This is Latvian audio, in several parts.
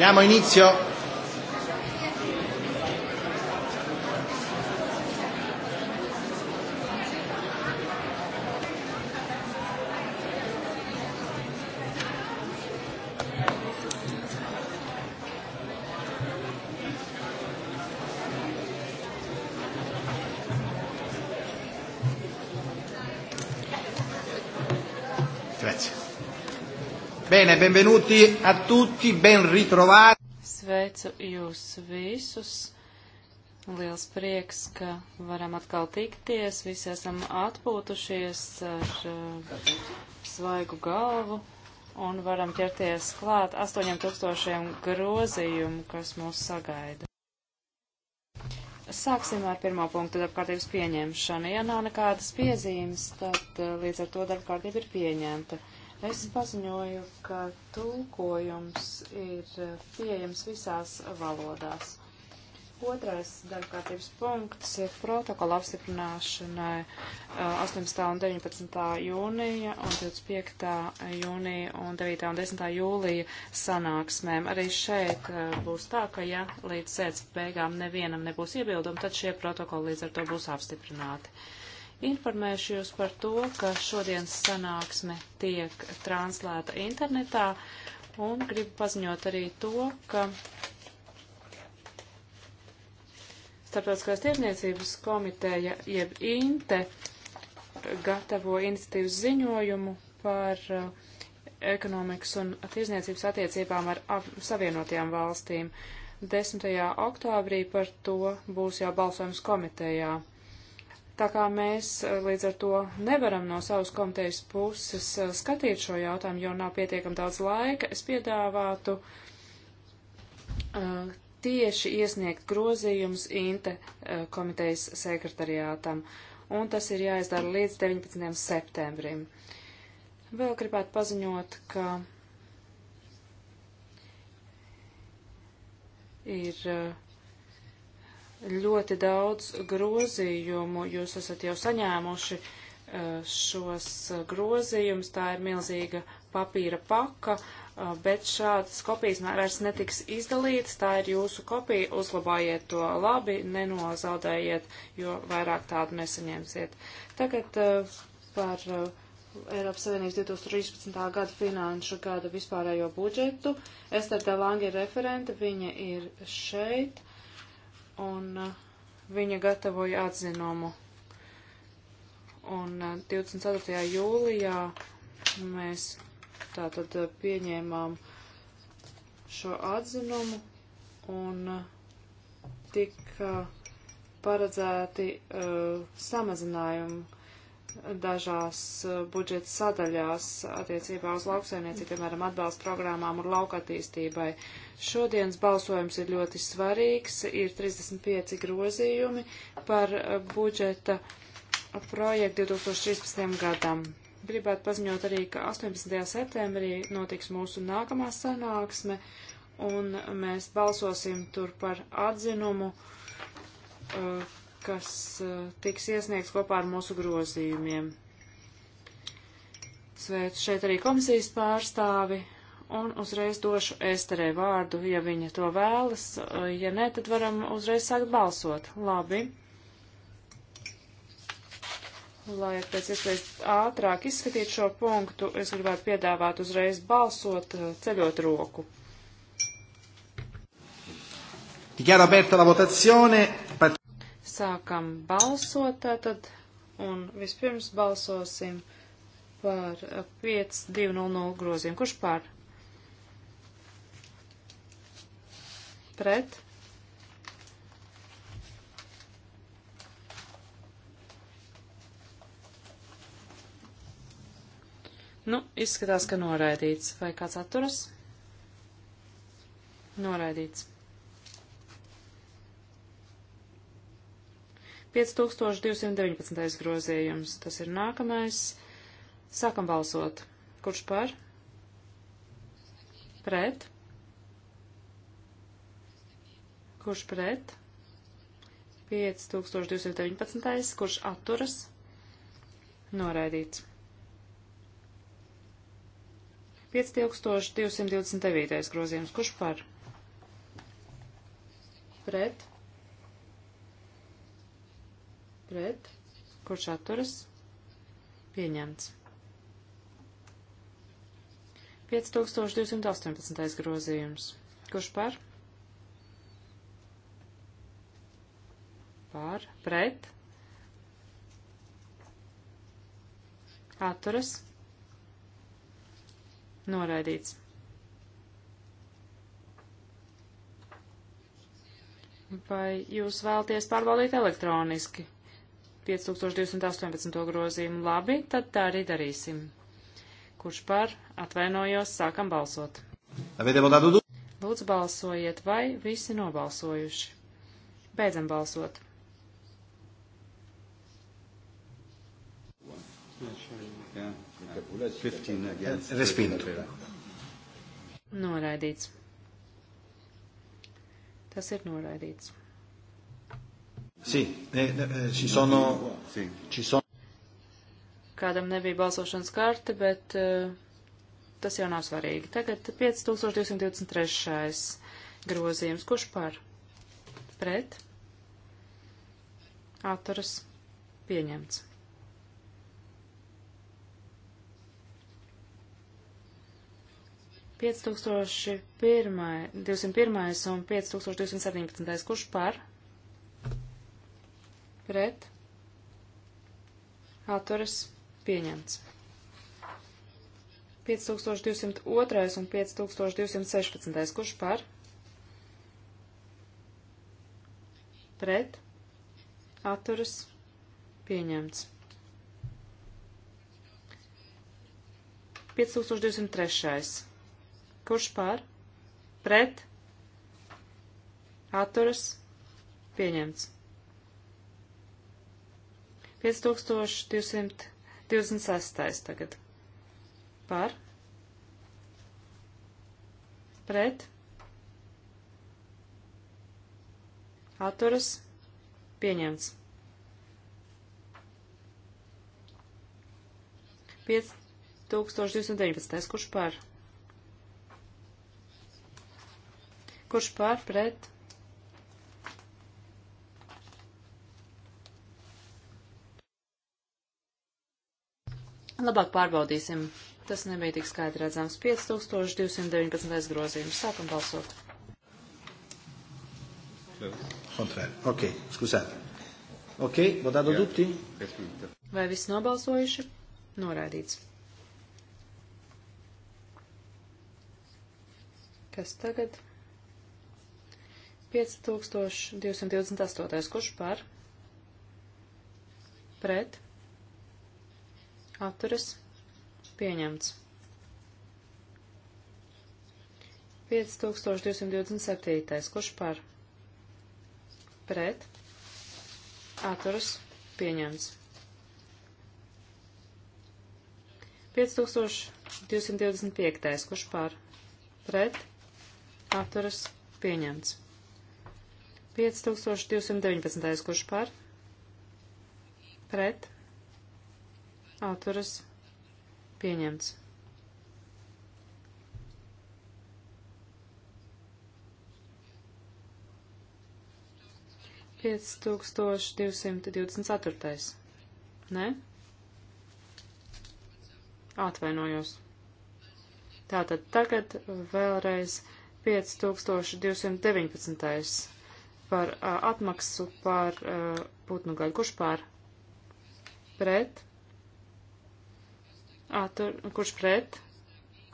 Diamo inizio. Bene, benvenuti a tutti, ben ritrovati. Sveicu jūs visus. Liels prieks, ka varam atkal tikties. Visi esam atpūtušies ar uh, svaigu galvu un varam ķerties klāt 8000 grozījumu, kas mūs sagaida. Sāksim ar pirmo punktu darbkārtības pieņemšanu. Ja nav nekādas piezīmes, tad uh, līdz ar to darbkārtība ir pieņemta. Es paziņoju, ka tulkojums ir pieejams visās valodās. Otrais darbkārtības punkts ir protokola apstiprināšanai 18. un 19. jūnija un 25. jūnija un 9. un 10. jūlija sanāksmēm. Arī šeit būs tā, ka ja līdz sēdz beigām nevienam nebūs iebildumi, tad šie protokoli līdz ar to būs apstiprināti. Informēšu jūs par to, ka šodienas sanāksme tiek translēta internetā un gribu paziņot arī to, ka Starptautiskās tirzniecības komiteja jeb INTE gatavo iniciatīvas ziņojumu par uh, ekonomikas un tirzniecības attiecībām ar savienotajām valstīm. 10. oktobrī par to būs jau balsojums komitejā. Tā kā mēs eh, līdz ar to nevaram no savas komitejas puses eh, skatīt šo jautājumu, jo nav pietiekam daudz laika, es piedāvātu uh, tieši iesniegt grozījumus INTE uh, komitejas sekretariātam, un tas ir jāizdara līdz 19. septembrim. Vēl gribētu paziņot, ka ir uh, ļoti daudz grozījumu. Jūs esat jau saņēmuši uh, šos uh, grozījumus, tā ir milzīga papīra paka, uh, bet šādas kopijas vairs netiks izdalītas, tā ir jūsu kopija, uzlabājiet to labi, nenozaudējiet, jo vairāk tādu nesaņemsiet. Tagad par Eiropas Savienības 2013. gada finanšu gada vispārējo budžetu. Ester Delangi ir referente, viņa ir šeit un uh, viņa gatavoja atzinumu. Un 24. Uh, jūlijā mēs tātad uh, pieņēmām šo atzinumu un tika paredzēti uh, samazinājumi dažās uh, budžeta sadaļās attiecībā uz lauksaimniecību, piemēram, atbalsta programmām un laukatīstībai. Uh, Šodienas balsojums ir ļoti svarīgs, ir 35 grozījumi par eh, budžeta projektu 2013. gadam. Gribētu paziņot arī, ka 18. septembrī notiks mūsu nākamā sanāksme, un mēs balsosim tur par atzinumu, eh, kas eh, tiks iesniegts kopā ar mūsu grozījumiem. Sveicu šeit arī komisijas pārstāvi un uzreiz došu Esterē vārdu, ja viņa to vēlas. Ja nē, tad varam uzreiz sākt balsot. Labi. Lai pēc iespējas ātrāk izskatītu šo punktu, es gribētu piedāvāt uzreiz balsot, ceļot roku. Dichiaro aperta la votazione. Sākam balsot tātad, un vispirms balsosim par 5200 grozījumu. Kurš pār? pret. Nu, izskatās, ka noraidīts. Vai kāds atturas? Noraidīts. 5219. grozījums. Tas ir nākamais. Sākam balsot. Kurš par? Pret. kurš pret, 5219, kurš atturas, noraidīts. 5229. grozījums, kurš par, pret, pret, kurš atturas, pieņemts. 5218. grozījums, kurš par, pret, par pret atturas noraidīts. Vai jūs vēlties pārbaudīt elektroniski 5218 grozījumu? Labi, tad tā arī darīsim. Kurš par atvainojos, sākam balsot. Lūdzu balsojiet, vai visi nobalsojuši. Beidzam balsot. Respinto. Noraidīts. Tas ir noraidīts. Sì, eh, eh, ci sono, ci sono kādam nebija balsošanas karte, bet uh, tas jau nav svarīgi. Tagad 5223. grozījums. Kurš par? Pret? Atturas pieņemts. 5001, 201 un 5217. Kurš par? Pret? Atturas pieņemts. 5202 un 5216. Kurš par? Pret? Atturas pieņemts. 5203 kurš pār, pret, atturas, pieņemts. 5226 tagad. Par, pret, atturas, pieņemts. 5219, kurš par, Kurš pār pret? Labāk pārbaudīsim. Tas nebija tik skaidri redzams. 5219. grozījums. Sākam balsot. Contrario. Ok, scusate. Ok, votato tutti? Vai viss nobalsojuši? Noraidīts. Kas tagad? 5228. Kurš par? Pret. Atturas. Pieņemts. 5227. Kurš par? Pret. Atturas. Pieņemts. 5225. Kurš par? Pret. Atturas. Pieņemts. 5219. kurš par? Pret. Atturas. Pieņemts. Piec tūkstoši divsimt divdesmit ceturtais. Ne? Atvainojos. Tātad tagad vēlreiz 5219 par uh, atmaksu par uh, putnu gaļu. Kurš pār? Pret? Atur, kurš pret?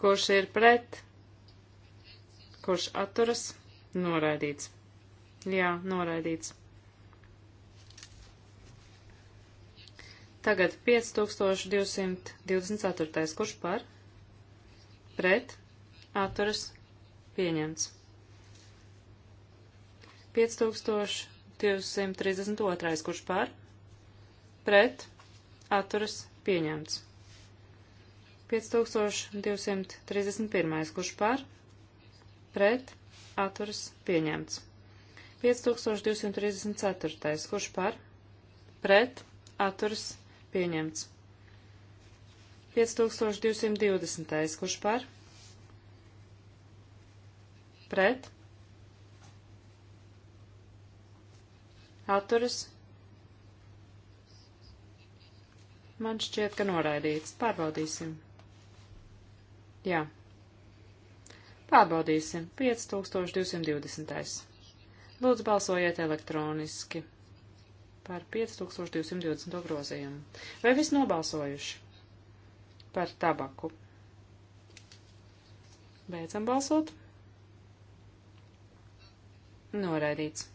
Kurš ir pret? Kurš atturas? Noraidīts. Jā, noraidīts. Tagad 5224. Kurš par? Pret? Atturas? Pieņemts. 5232, kurš par, pret, atturas, pieņemts. 5231, kurš par, pret, atturas, pieņemts. 5234, kurš par, pret, atturas, pieņemts. 5220, kurš par, pret, atturas. Man šķiet, ka noraidīts. Pārbaudīsim. Jā. Pārbaudīsim. 5220. Lūdzu, balsojiet elektroniski par 5220 grozījumu. Vai viss nobalsojuši par tabaku? Beidzam balsot. Noraidīts.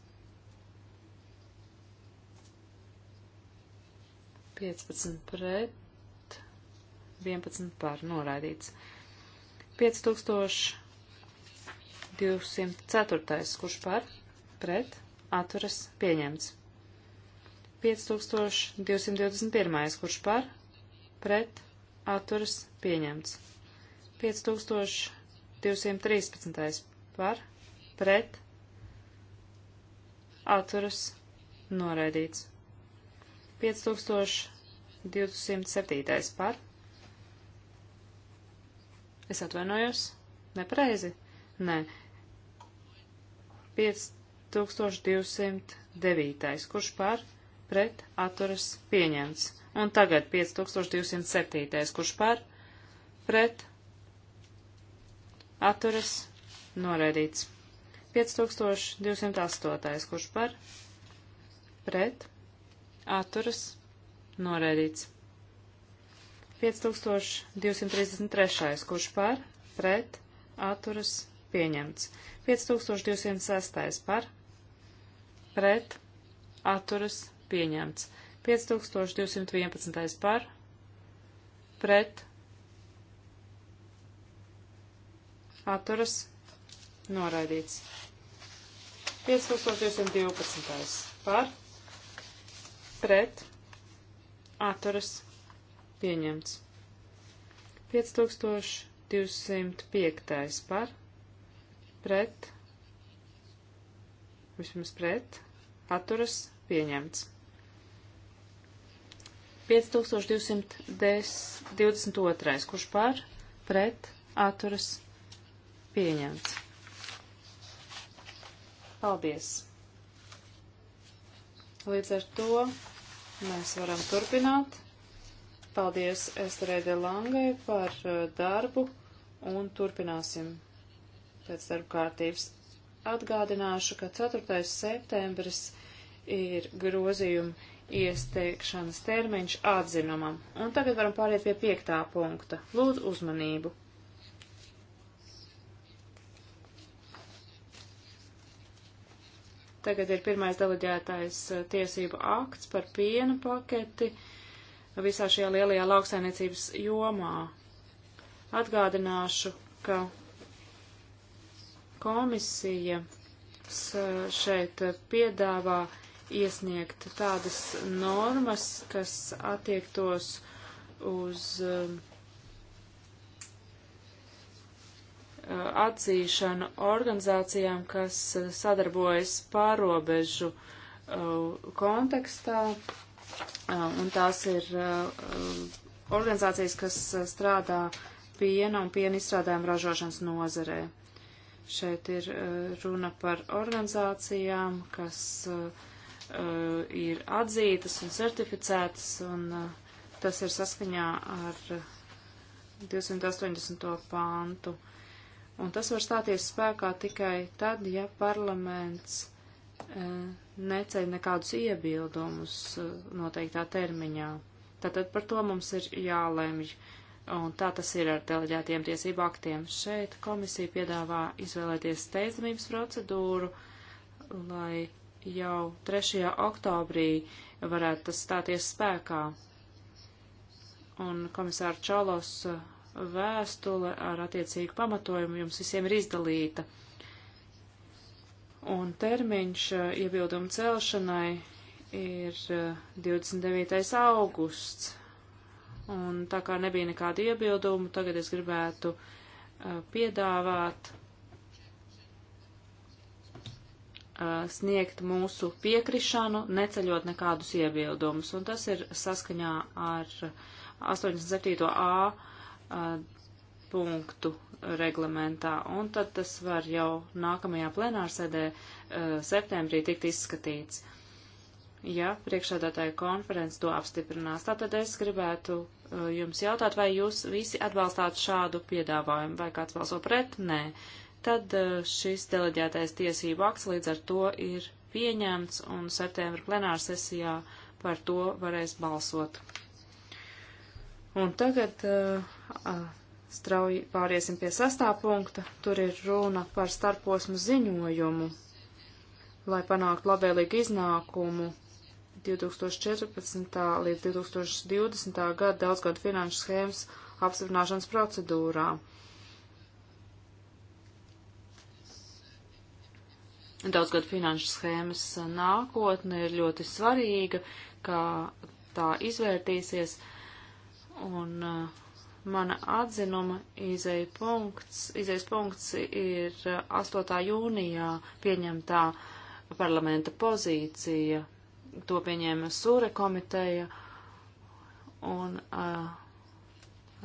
15 pret, 11 par noraidīts. 5204. Kurš par? Pret. Atturas pieņemts. 5221. Kurš par? Pret. Atturas pieņemts. 5213. Par? Pret. Atturas noraidīts. 5207. par. Es atvainojos. Nepareizi? Nē. 5209. Kurš par? Pret atturas pieņemts. Un tagad 5207. Kurš par? Pret atturas noraidīts. 5208. Kurš par? Pret atturas noraidīts. 5233. kurš par pret atturas pieņemts. 5206. par pret atturas pieņemts. 5211. par pret atturas noraidīts. 5212. par pret pret, atturas, pieņemts. 5205 par, pret, vismaz pret, atturas, pieņemts. 5222, kurš par, pret, atturas, pieņemts. Paldies! Līdz ar to mēs varam turpināt. Paldies Esterei de Langai par uh, darbu un turpināsim pēc darba kārtības. Atgādināšu, ka 4. septembris ir grozījuma iesteikšanas termiņš atzinumam. Un tagad varam pāriet pie piektā punkta. Lūdzu uzmanību! Tagad ir pirmais deleģētais eh, tiesību akts par piena paketi visā šajā lielajā lauksainiecības jomā. Atgādināšu, ka komisija šeit piedāvā iesniegt tādas normas, kas attiektos uz uh, Uh, atzīšanu organizācijām, kas uh, sadarbojas pārobežu uh, kontekstā, un tās ir organizācijas, kas strādā piena un piena izstrādājumu ražošanas nozarē. Šeit ir runa par organizācijām, kas ir atzītas un certificētas, un tas ir saskaņā ar 280. pāntu. Uh, un tas var stāties spēkā tikai tad, ja parlaments eh, neceļ nekādus iebildumus eh, noteiktā termiņā. Tātad par to mums ir jālemj, un tā tas ir ar deleģētiem tiesību aktiem. Šeit komisija piedāvā izvēlēties steidzamības procedūru, lai jau 3. oktobrī varētu tas stāties spēkā. Un komisāra Čalos eh, vēstule ar attiecīgu pamatojumu jums visiem ir izdalīta. Un termiņš eh, iebildumu celšanai ir 29. Eh, augusts. Un tā kā nebija nekāda iebildumu, tagad es gribētu eh, piedāvāt sniegt mūsu piekrišanu, neceļot nekādus iebildumus. Un tas ir saskaņā ar 87. A punktu reglamentā, un tad tas var jau nākamajā plenārsēdē eh, septembrī tikt izskatīts, ja priekšādātāja konferences to apstiprinās. Tātad es gribētu eh, jums jautāt, vai jūs visi atbalstāt šādu piedāvājumu, vai kāds balso pret? Nē. Tad eh, šis deleģētais tiesību akts līdz ar to ir pieņemts, un septembra plenārsesijā par to varēs balsot. Un tagad uh, strauji pāriesim pie sastā punkta. Tur ir runa par starposmu ziņojumu, lai panāktu labvēlīgu iznākumu 2014. līdz 2020. gada daudzgadu finanšu schēmas apstiprināšanas procedūrā. Daudzgad finanšu schēmas nākotne ir ļoti svarīga, kā tā izvērtīsies. Uh, Un uh, mana atzinuma izēja punkts, izējas punkts ir 8. Uh, jūnijā pieņemtā parlamenta pozīcija. To pieņēma Sūre komiteja un uh,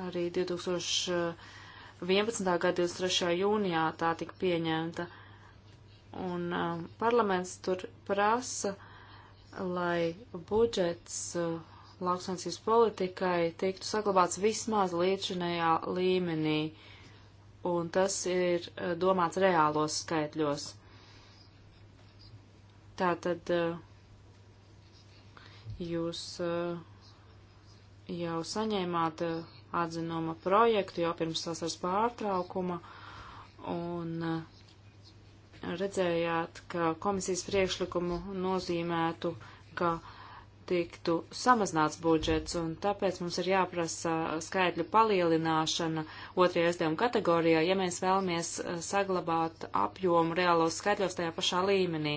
arī 2011. gada 23. jūnijā tā tika pieņemta. Un uh, parlaments tur prasa, lai budžets uh, lauksaimniecības politikai tiktu saglabāts vismaz līdzinējā līmenī, un tas ir eh, domāts reālos skaitļos. Tātad eh, jūs eh, jau saņēmāt atzinuma projektu jau pirms vasaras pārtraukuma, un redzējāt, ka komisijas priekšlikumu nozīmētu, ka uh, tiktu samazināts budžets, un tāpēc mums ir jāprasa skaitļu palielināšana otrajā aizdevuma kategorijā, ja mēs vēlamies eh, saglabāt apjomu reālos skaitļos tajā pašā līmenī.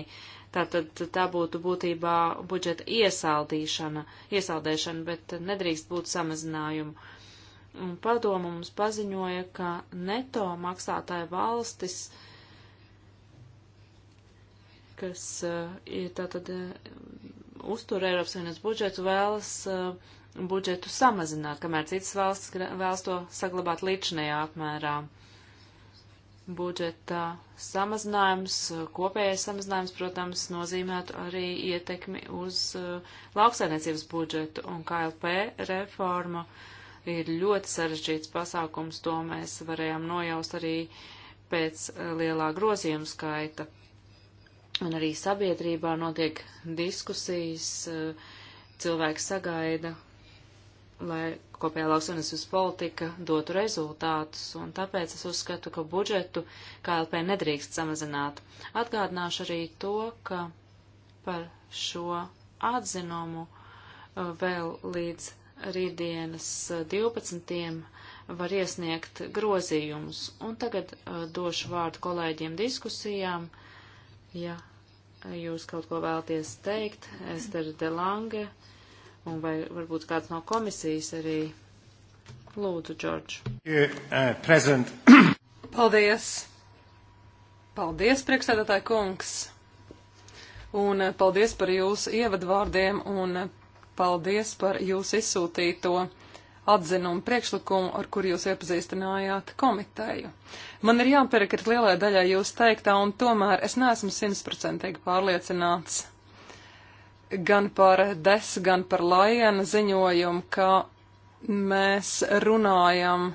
Tātad tā būtu būtībā budžeta iesaldīšana, iesaldēšana, bet nedrīkst būt samazinājumu. Un padomu mums paziņoja, ka neto maksātāja valstis kas eh, ir tātad eh, uztur Eiropas Savienības budžetu, vēlas uh, budžetu samazināt, kamēr citas valsts vēlas to saglabāt līdšanējā apmērā. Budžeta samazinājums, kopējais samazinājums, protams, nozīmētu arī ietekmi uz uh, lauksainiecības budžetu un KLP reforma ir ļoti sarežģīts pasākums, to mēs varējām nojaust arī pēc uh, lielā grozījuma skaita un arī sabiedrībā notiek diskusijas, eh, cilvēki sagaida, lai kopējā lauksaimniecības politika dotu rezultātus, un tāpēc es uzskatu, ka budžetu KLP nedrīkst samazināt. Atgādināšu arī to, ka par šo atzinumu eh, vēl līdz rītdienas 12. Eh, var iesniegt grozījumus, un tagad došu vārdu kolēģiem diskusijām, ja jūs kaut ko vēlties teikt, Ester Delange, un vai varbūt kāds no komisijas arī. Lūdzu, Džordž. Uh, Paldies! Paldies, priekšsēdētāji kungs! Un uh, paldies par jūsu ievadvārdiem un uh, paldies par jūsu izsūtīto atzinumu priekšlikumu, ar kuru jūs iepazīstinājāt komiteju. Man ir jāpiekrīt lielai daļai jūs teiktā, un tomēr es neesmu simtprocentīgi pārliecināts gan par des, gan par laiena ziņojumu, ka mēs runājam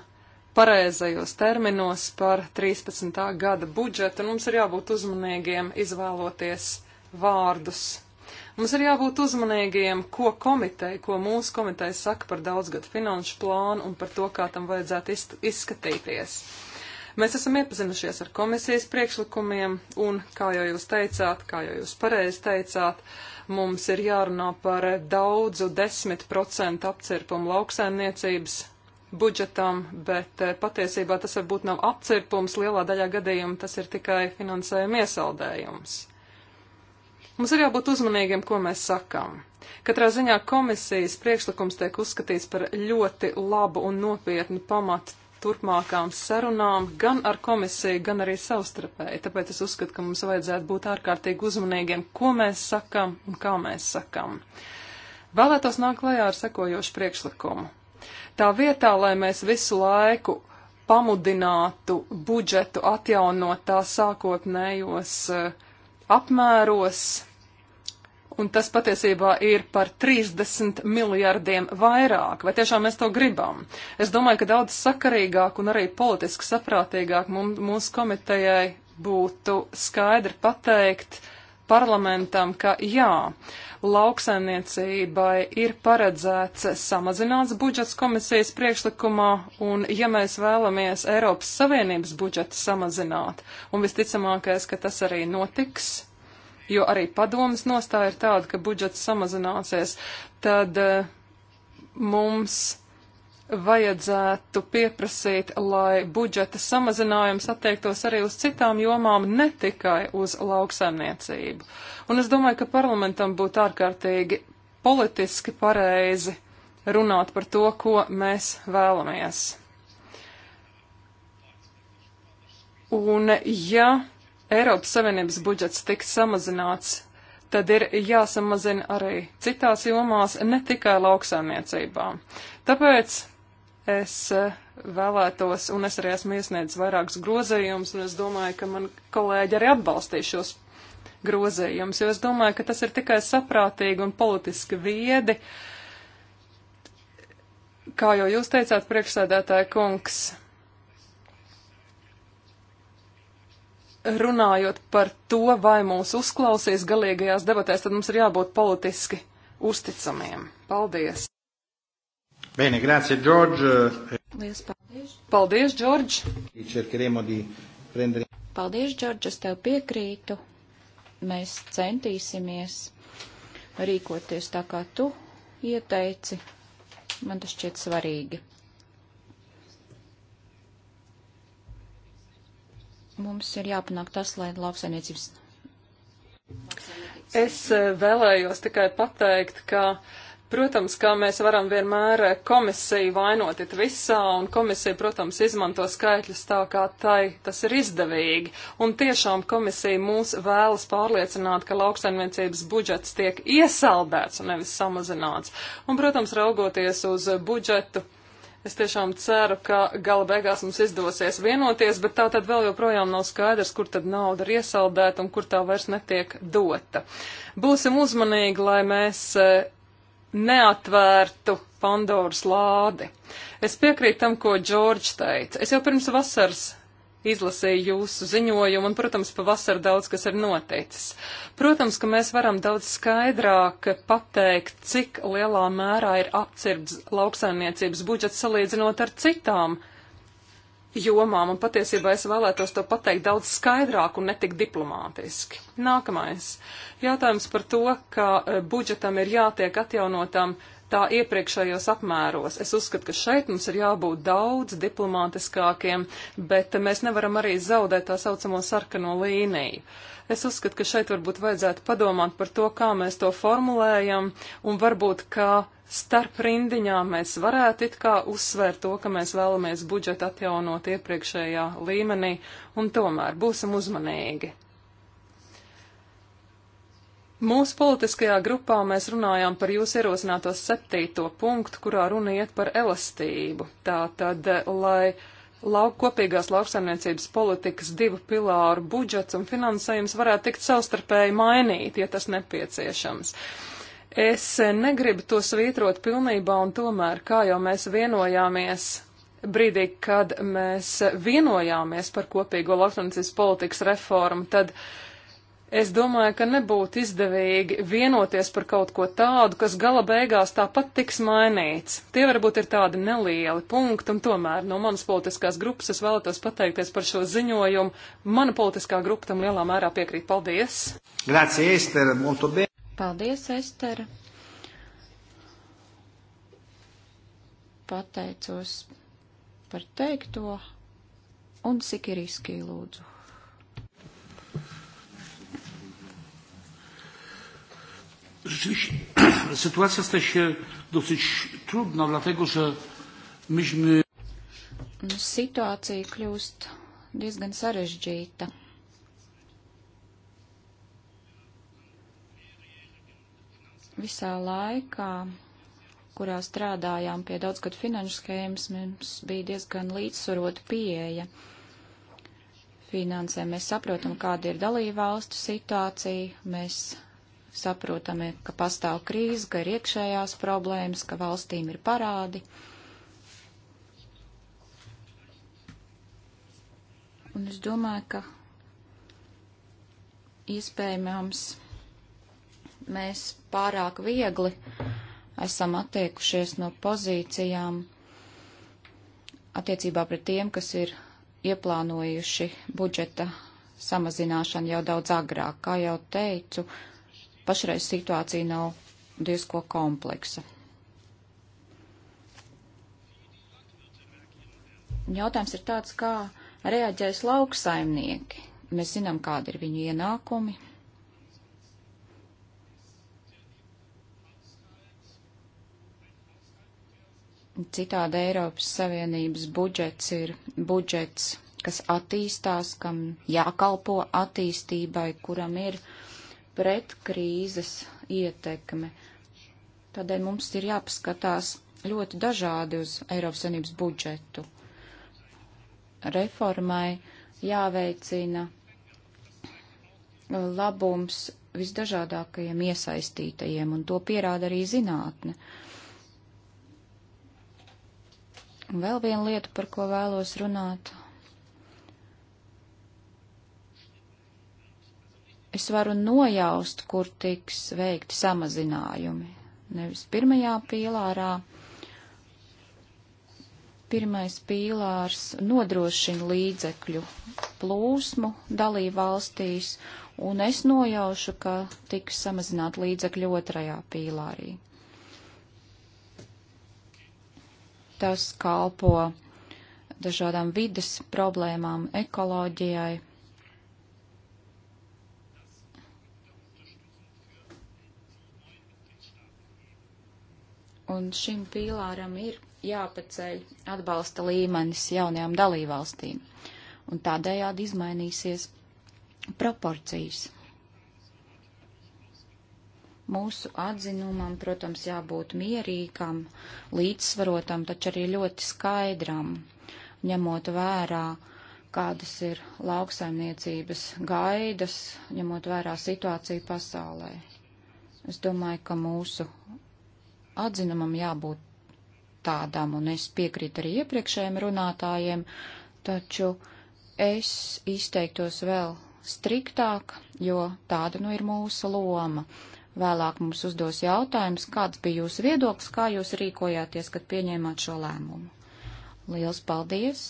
pareizajos terminos par 13. gada budžetu, un mums ir jābūt uzmanīgiem izvēloties vārdus Mums ir jābūt uzmanīgiem, ko komiteja, ko mūsu komiteja saka par daudzgadu finanšu plānu un par to, kā tam vajadzētu izskatīties. Mēs esam iepazinušies ar komisijas priekšlikumiem un, kā jau jūs teicāt, kā jau jūs pareizi teicāt, mums ir jārunā par daudzu desmit procentu apcirpumu lauksaimniecības budžetam, bet eh, patiesībā tas varbūt nav apcirpums, lielā daļā gadījumā tas ir tikai finansējuma iesaldējums. Mums ir jābūt uzmanīgiem, ko mēs sakam. Katrā ziņā komisijas priekšlikums tiek uzskatīts par ļoti labu un nopietnu pamatu turpmākām sarunām gan ar komisiju, gan arī savstarpēji. Tāpēc es uzskatu, ka mums vajadzētu būt ārkārtīgi uzmanīgiem, ko mēs sakam un kā mēs sakam. Vēlētos nākt klajā ar sekojošu priekšlikumu. Tā vietā, lai mēs visu laiku pamudinātu budžetu atjaunot tā sākotnējos uh, apmēros, un tas patiesībā ir par 30 miljardiem vairāk. Vai tiešām mēs to gribam? Es domāju, ka daudz sakarīgāk un arī politiski saprātīgāk mums, mūsu komitejai būtu skaidri pateikt, uh, parlamentam, ka jā, lauksaimniecībai ir paredzēts samazināts budžets komisijas priekšlikumā, un ja mēs vēlamies Eiropas Savienības budžetu samazināt, un visticamākais, ka tas arī notiks, jo arī padomas nostāja ir tāda, ka budžets samazināsies, tad eh, mums vajadzētu pieprasīt, lai budžeta samazinājums attiektos arī uz citām jomām, ne tikai uz lauksaimniecību. Un es domāju, ka parlamentam būtu ārkārtīgi politiski pareizi runāt par to, ko mēs vēlamies. Un ja Eiropas Savienības budžets tiks samazināts, tad ir jāsamazina arī citās jomās, ne tikai lauksaimniecībā. Tāpēc es eh, vēlētos, un es arī esmu iesniedzis vairākus grozījumus, un es domāju, ka man kolēģi arī atbalstīs šos grozījumus, jo es domāju, ka tas ir tikai saprātīgi un politiski viedi. Kā jau jūs teicāt, priekšsēdētāja kungs, runājot par to, vai mūs uzklausīs galīgajās debatēs, tad mums ir jābūt politiski uzticamiem. Paldies! Bene, grazie George. Lies paldies. Paldies, George. Cercheremo di prendere. Paldies, George, es tev piekrītu. Mēs centīsimies rīkoties tā, kā tu ieteici. Man tas šķiet svarīgi. Mums ir jāpanāk tas, lai lauksainiecības. Es eh, vēlējos tikai pateikt, ka Protams, kā mēs varam vienmēr komisiju vainot it visā, un komisija, protams, izmanto skaitļus tā, kā tai tas ir izdevīgi. Un tiešām komisija mūs vēlas pārliecināt, ka lauksaimniecības budžets tiek iesaldēts un nevis samazināts. Un, protams, raugoties uz budžetu, es tiešām ceru, ka gala beigās mums izdosies vienoties, bet tā tad vēl joprojām nav skaidrs, kur tad nauda ir iesaldēta un kur tā vairs netiek dota. Būsim uzmanīgi, lai mēs eh, neatvērtu Pandoras lādi. Es piekrītu tam, ko Džordžs teica. Es jau pirms vasaras izlasīju jūsu ziņojumu, un, protams, pavasar daudz kas ir noticis. Protams, ka mēs varam daudz skaidrāk pateikt, cik lielā mērā ir apcirds lauksaimniecības budžets salīdzinot ar citām uh, jomām, un patiesībā es vēlētos to pateikt daudz skaidrāk un netik diplomātiski. Nākamais jautājums par to, ka e, budžetam ir jātiek atjaunotam tā iepriekšējos apmēros. Es uzskatu, ka šeit mums ir jābūt daudz diplomātiskākiem, bet mēs nevaram arī zaudēt tā saucamo sarkano līniju. Es uzskatu, ka šeit varbūt vajadzētu padomāt par to, kā mēs to formulējam, un varbūt, ka starp rindiņām mēs varētu it kā uzsvērt to, ka mēs vēlamies budžetu atjaunot iepriekšējā līmenī, un tomēr būsim uzmanīgi. Mūsu politiskajā grupā mēs runājām par jūsu ierosināto septīto punktu, kurā runa iet par elastību. Tātad, lai lauk, kopīgās lauksaimniecības politikas divu pilāru budžets un finansējums varētu tikt savstarpēji mainīt, ja tas nepieciešams. Uh, Es negribu to svītrot pilnībā, un tomēr, kā jau mēs vienojāmies brīdī, kad mēs vienojāmies par kopīgo lauksaimniecības politikas reformu, tad es domāju, ka nebūtu izdevīgi vienoties par kaut ko tādu, kas gala beigās tāpat tiks mainīts. Tie varbūt ir tādi nelieli punkti, un tomēr no manas politiskās grupas es vēlētos pateikties par šo ziņojumu. Mana politiskā grupa tam lielā mērā piekrīt. Paldies! Grazie, Ester, molto bene! Paldies, Estera! Pateicos par teikto un Sikiriskī lūdzu. Rzeczywiście sytuacja staje się dosyć trudna, dlatego że myśmy. Sytuacja kļūst diezgan sarežģīta. visā laikā, kurā strādājām pie daudzgad finanšu schēmas, mums bija diezgan līdzsvarota pieeja finansēm. Mēs saprotam, kāda ir dalībvalstu situācija, mēs saprotam, ka pastāv krīze, ka ir iekšējās problēmas, ka valstīm ir parādi. Un es domāju, ka iespējams mēs pārāk viegli esam attiekušies no pozīcijām attiecībā pret tiem, kas ir ieplānojuši budžeta samazināšanu jau daudz agrāk. Kā jau teicu, pašreiz situācija nav diezko kompleksa. Jautājums ir tāds, kā reaģēs lauksaimnieki. Mēs zinām, kādi ir viņu ienākumi, Citādi Eiropas Savienības budžets ir budžets, kas attīstās, kam jākalpo attīstībai, kuram ir pret krīzes ietekme. Tādēļ mums ir jāpaskatās ļoti dažādi uz Eiropas Savienības budžetu. Reformai jāveicina labums visdažādākajiem iesaistītajiem, un to pierāda arī zinātne. Uh, Un vēl viena lieta, par ko vēlos runāt. Es varu nojaust, kur tiks veikti samazinājumi. Nevis pirmajā pīlārā. Pirmais pīlārs nodrošina līdzekļu plūsmu dalību valstīs, un es nojaušu, ka tiks samazināt līdzekļu otrajā pīlārī. tas kalpo dažādām vidas problēmām, ekoloģijai. Un šim pīlāram ir jāpaceļ atbalsta līmenis jaunajām dalībvalstīm, un tādējādi izmainīsies proporcijas. Mūsu atzinumam, protams, jābūt mierīgam, līdzsvarotam, taču arī ļoti skaidram, ņemot vērā, kādas ir lauksaimniecības gaidas, ņemot vērā situāciju pasaulē. Es domāju, ka mūsu atzinumam jābūt tādam, un es piekrītu arī iepriekšējiem runātājiem, taču es izteiktos vēl striktāk, jo tāda nu ir mūsu loma vēlāk mums uzdos jautājums, kāds bija jūsu viedoklis, kā jūs rīkojāties, kad pieņēmāt šo lēmumu. Liels paldies!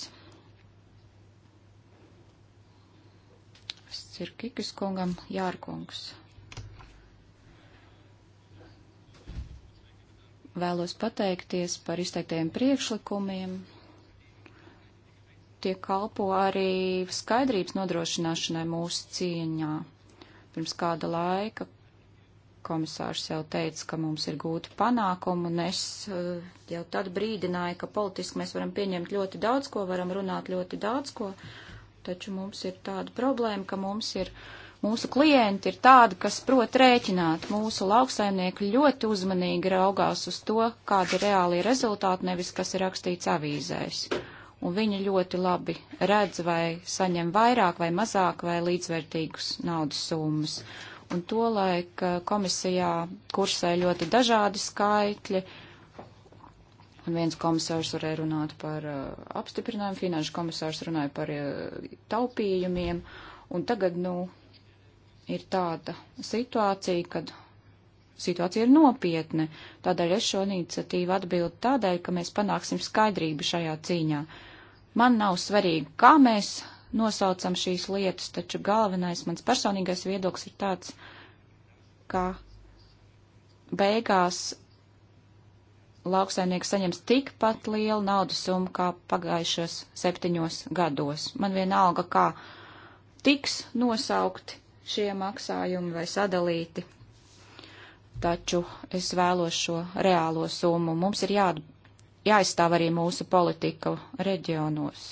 ir Kikas kungam Jārkungs. Vēlos pateikties par izteiktajiem priekšlikumiem. Tie kalpo arī skaidrības nodrošināšanai mūsu cieņā. Pirms kāda laika komisārs jau teica, ka mums ir gūti panākumi, un es eh, jau tad brīdināju, ka politiski mēs varam pieņemt ļoti daudz ko, varam runāt ļoti daudz ko, taču mums ir tāda problēma, ka mums ir, mūsu klienti ir tādi, kas prot rēķināt. Mūsu lauksaimnieki ļoti uzmanīgi raugās uz to, kādi ir reāli rezultāti, nevis kas ir rakstīts avīzēs. Un viņi ļoti labi redz, vai saņem vairāk vai mazāk vai līdzvērtīgus naudas summas. Uh, un to laik eh, komisijā kursē ļoti dažādi skaitļi. Un viens komisārs varēja runāt par uh, apstiprinājumu, finanšu komisārs runāja par uh, taupījumiem, un tagad, nu, ir tāda situācija, kad situācija ir nopietna. Tādēļ es šo iniciatīvu atbildu tādēļ, ka mēs panāksim skaidrību šajā cīņā. Man nav svarīgi, kā mēs nosaucam šīs lietas, taču galvenais mans personīgais viedoklis ir tāds, ka beigās lauksaimnieks saņems tikpat lielu naudas summu kā pagājušos septiņos gados. Man vienalga, kā tiks nosaukti šie maksājumi vai sadalīti, taču es vēlos šo reālo summu. Mums ir jā, jāizstāv arī mūsu politika reģionos.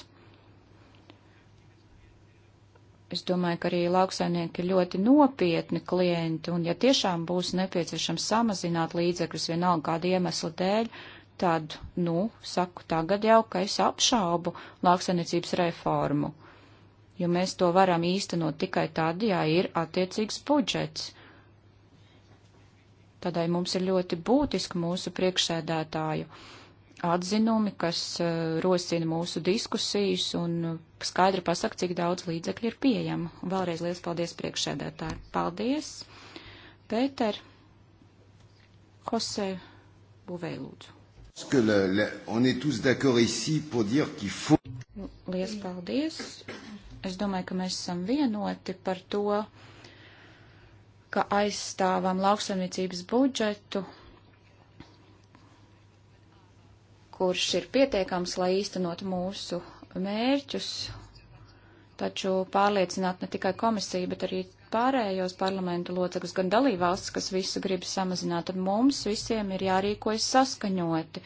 Es domāju, ka arī lauksaimnieki ir ļoti nopietni klienti, un ja tiešām būs nepieciešams samazināt līdzekļus vienalga kāda iemesla dēļ, tad, nu, saku tagad jau, ka es apšaubu lauksaimniecības reformu, jo mēs to varam īstenot tikai tad, ja ir attiecīgs budžets. Tādēļ mums ir ļoti būtiski mūsu priekšsēdētāju atzinumi, kas eh, rosina mūsu diskusijas un eh, skaidri pasaka, cik daudz līdzekļu ir pieejama. Vēlreiz liels paldies priekšsēdētāji. Paldies, Pēter, Hose, Buvei lūdzu. Liels paldies. Es domāju, ka mēs esam vienoti par to, ka aizstāvam lauksaimniecības budžetu kurš ir pietiekams, lai īstenot mūsu mērķus, taču pārliecināt ne tikai komisiju, bet arī pārējos parlamentu locekļus, gan dalībvalstis, kas visu grib samazināt, tad mums visiem ir jārīkojas saskaņoti.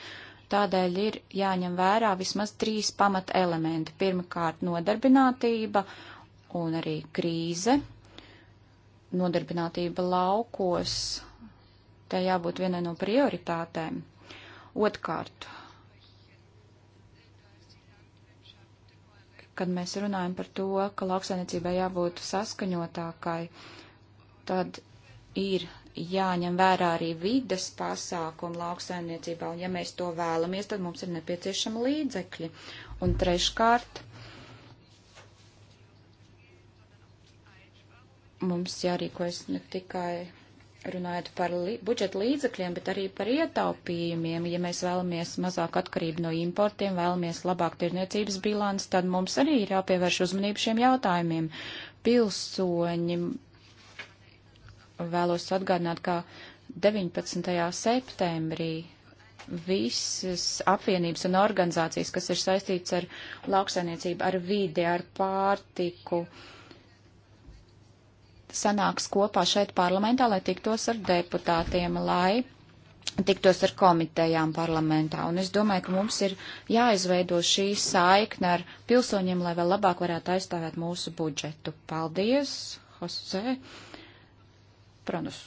Tādēļ ir jāņem vērā vismaz trīs pamata elementi. Pirmkārt, nodarbinātība un arī krīze. Nodarbinātība laukos, tai jābūt vienai no prioritātēm. Otkārt, kad mēs runājam par to, ka lauksainicībai jābūt saskaņotākai, tad ir jāņem vērā arī vides pasākumu lauksainiecībā, un ja mēs to vēlamies, tad mums ir nepieciešama līdzekļi. Un treškārt, mums jārīkojas ne tikai runājot par li budžeta līdzekļiem, bet arī par ietaupījumiem. Ja mēs vēlamies mazāk atkarību no importiem, vēlamies labāk tirniecības bilants, tad mums arī ir jāpievērš uzmanību šiem jautājumiem. Pilsoņi vēlos atgādināt, ka 19. septembrī visas apvienības un organizācijas, kas ir saistīts ar lauksainiecību, ar vidi, ar pārtiku, uh, sanāks kopā šeit parlamentā, lai tiktos ar deputātiem, lai tiktos ar komitejām parlamentā. Un es domāju, ka mums ir jāizveido šī saikne ar pilsoņiem, lai vēl labāk varētu aizstāvēt mūsu budžetu. Paldies, Jose. Pronus.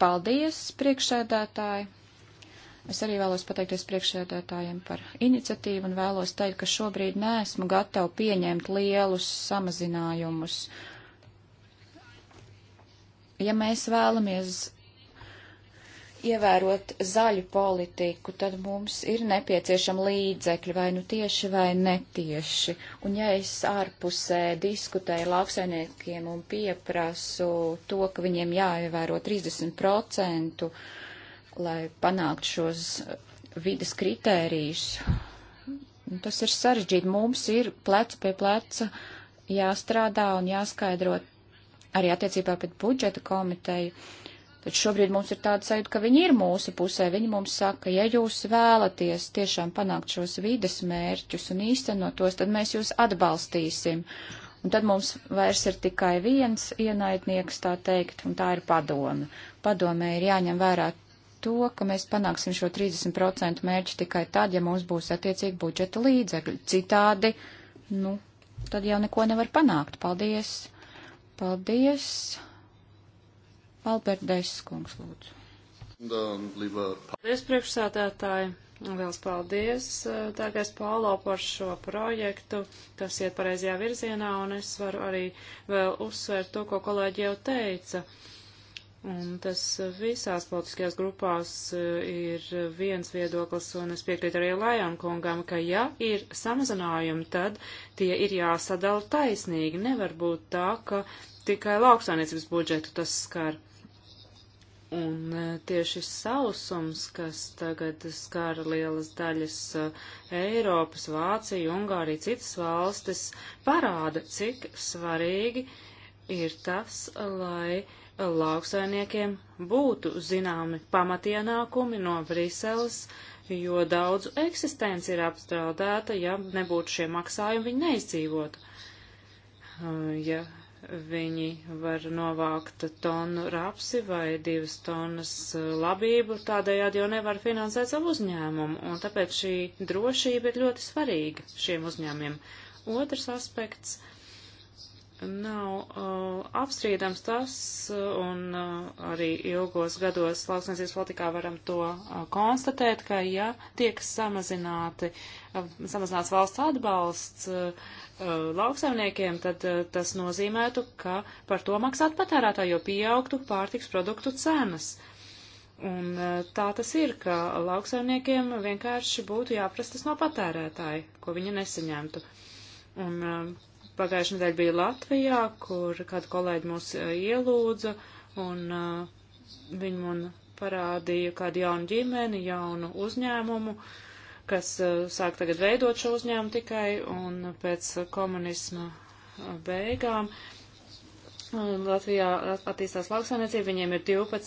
Paldies, priekšsēdētāji. Es arī vēlos pateikties priekšsēdētājiem par iniciatīvu un vēlos teikt, ka šobrīd neesmu gatava pieņemt lielus samazinājumus uh, Ja mēs vēlamies ievērot zaļu politiku, tad mums ir nepieciešama līdzekļi, vai nu tieši vai netieši. Un ja es ārpusē diskutēju lauksainiekiem un pieprasu to, ka viņiem jāievēro 30%, lai panāktu šos vidas kritērijus, nu, tas ir sarežģīti. Mums ir plec pie pleca jāstrādā un jāskaidrot arī attiecībā pret budžeta komiteju. Taču šobrīd mums ir tāda sajūta, ka viņi ir mūsu pusē. Viņi mums saka, ja jūs vēlaties tiešām panākt šos vides mērķus un īstenot tos, tad mēs jūs atbalstīsim. Un tad mums vairs ir tikai viens ienaidnieks, tā teikt, un tā ir padome. Padomē ir jāņem vērā to, ka mēs panāksim šo 30% mērķi tikai tad, ja mums būs attiecīgi budžeta līdzekļi. Citādi, nu, tad jau neko nevar panākt. Paldies! Paldies. Albert Deiskungs, lūdzu. Paldies, priekšsādātāji. Liels paldies, eh, dārgais Paulo, par šo projektu. Tas iet pareizajā virzienā, un es varu arī vēl uzsvērt to, ko kolēģi jau teica. Un tas visās politiskajās grupās eh, ir viens viedoklis, un es piekrītu arī Lajam kungam, ka ja ir samazinājumi, tad tie ir jāsadala taisnīgi. Nevar būt tā, ka tikai lauksainiecības budžetu tas skar. Un e, tieši sausums, kas tagad skara lielas daļas e, Eiropas, Vācija, Ungārija, citas valstis, parāda, cik svarīgi ir tas, lai lauksainiekiem būtu zināmi pamatienākumi no Briseles, jo daudzu eksistenci ir apstrādēta, ja nebūtu šie maksājumi, viņi neizdzīvotu. E, ja Viņi var novākt tonu rapsi vai divas tonnas eh, labību, tādējādi jau nevar finansēt savu uzņēmumu, un tāpēc šī drošība ir ļoti svarīga šiem uzņēmiem. Otrs aspekts nav uh, apstrīdams tas, eh, un uh, arī ilgos gados lauksnesības politikā varam to uh, konstatēt, ka ja tiek samazināti, uh, samazināts valsts atbalsts, uh, Uh, lauksaimniekiem, tad uh, tas nozīmētu, ka par to maksātu patērētāji, jo pieaugtu pārtiks produktu cenas. Un uh, tā tas ir, ka lauksaimniekiem vienkārši būtu jāprastas no patērētāji, ko viņi nesaņemtu. Un pagājušajā nedēļā bija Latvijā, kur kāda kolēģi mūs ielūdza, un viņi man parādīja kādu jaunu ģimeni, jaunu uzņēmumu, uh, kas eh, sāk tagad veidot šo uzņēmumu tikai un pēc komunisma eh, beigām. Latvijā attīstās lauksaimniecība, viņiem ir 12 uh,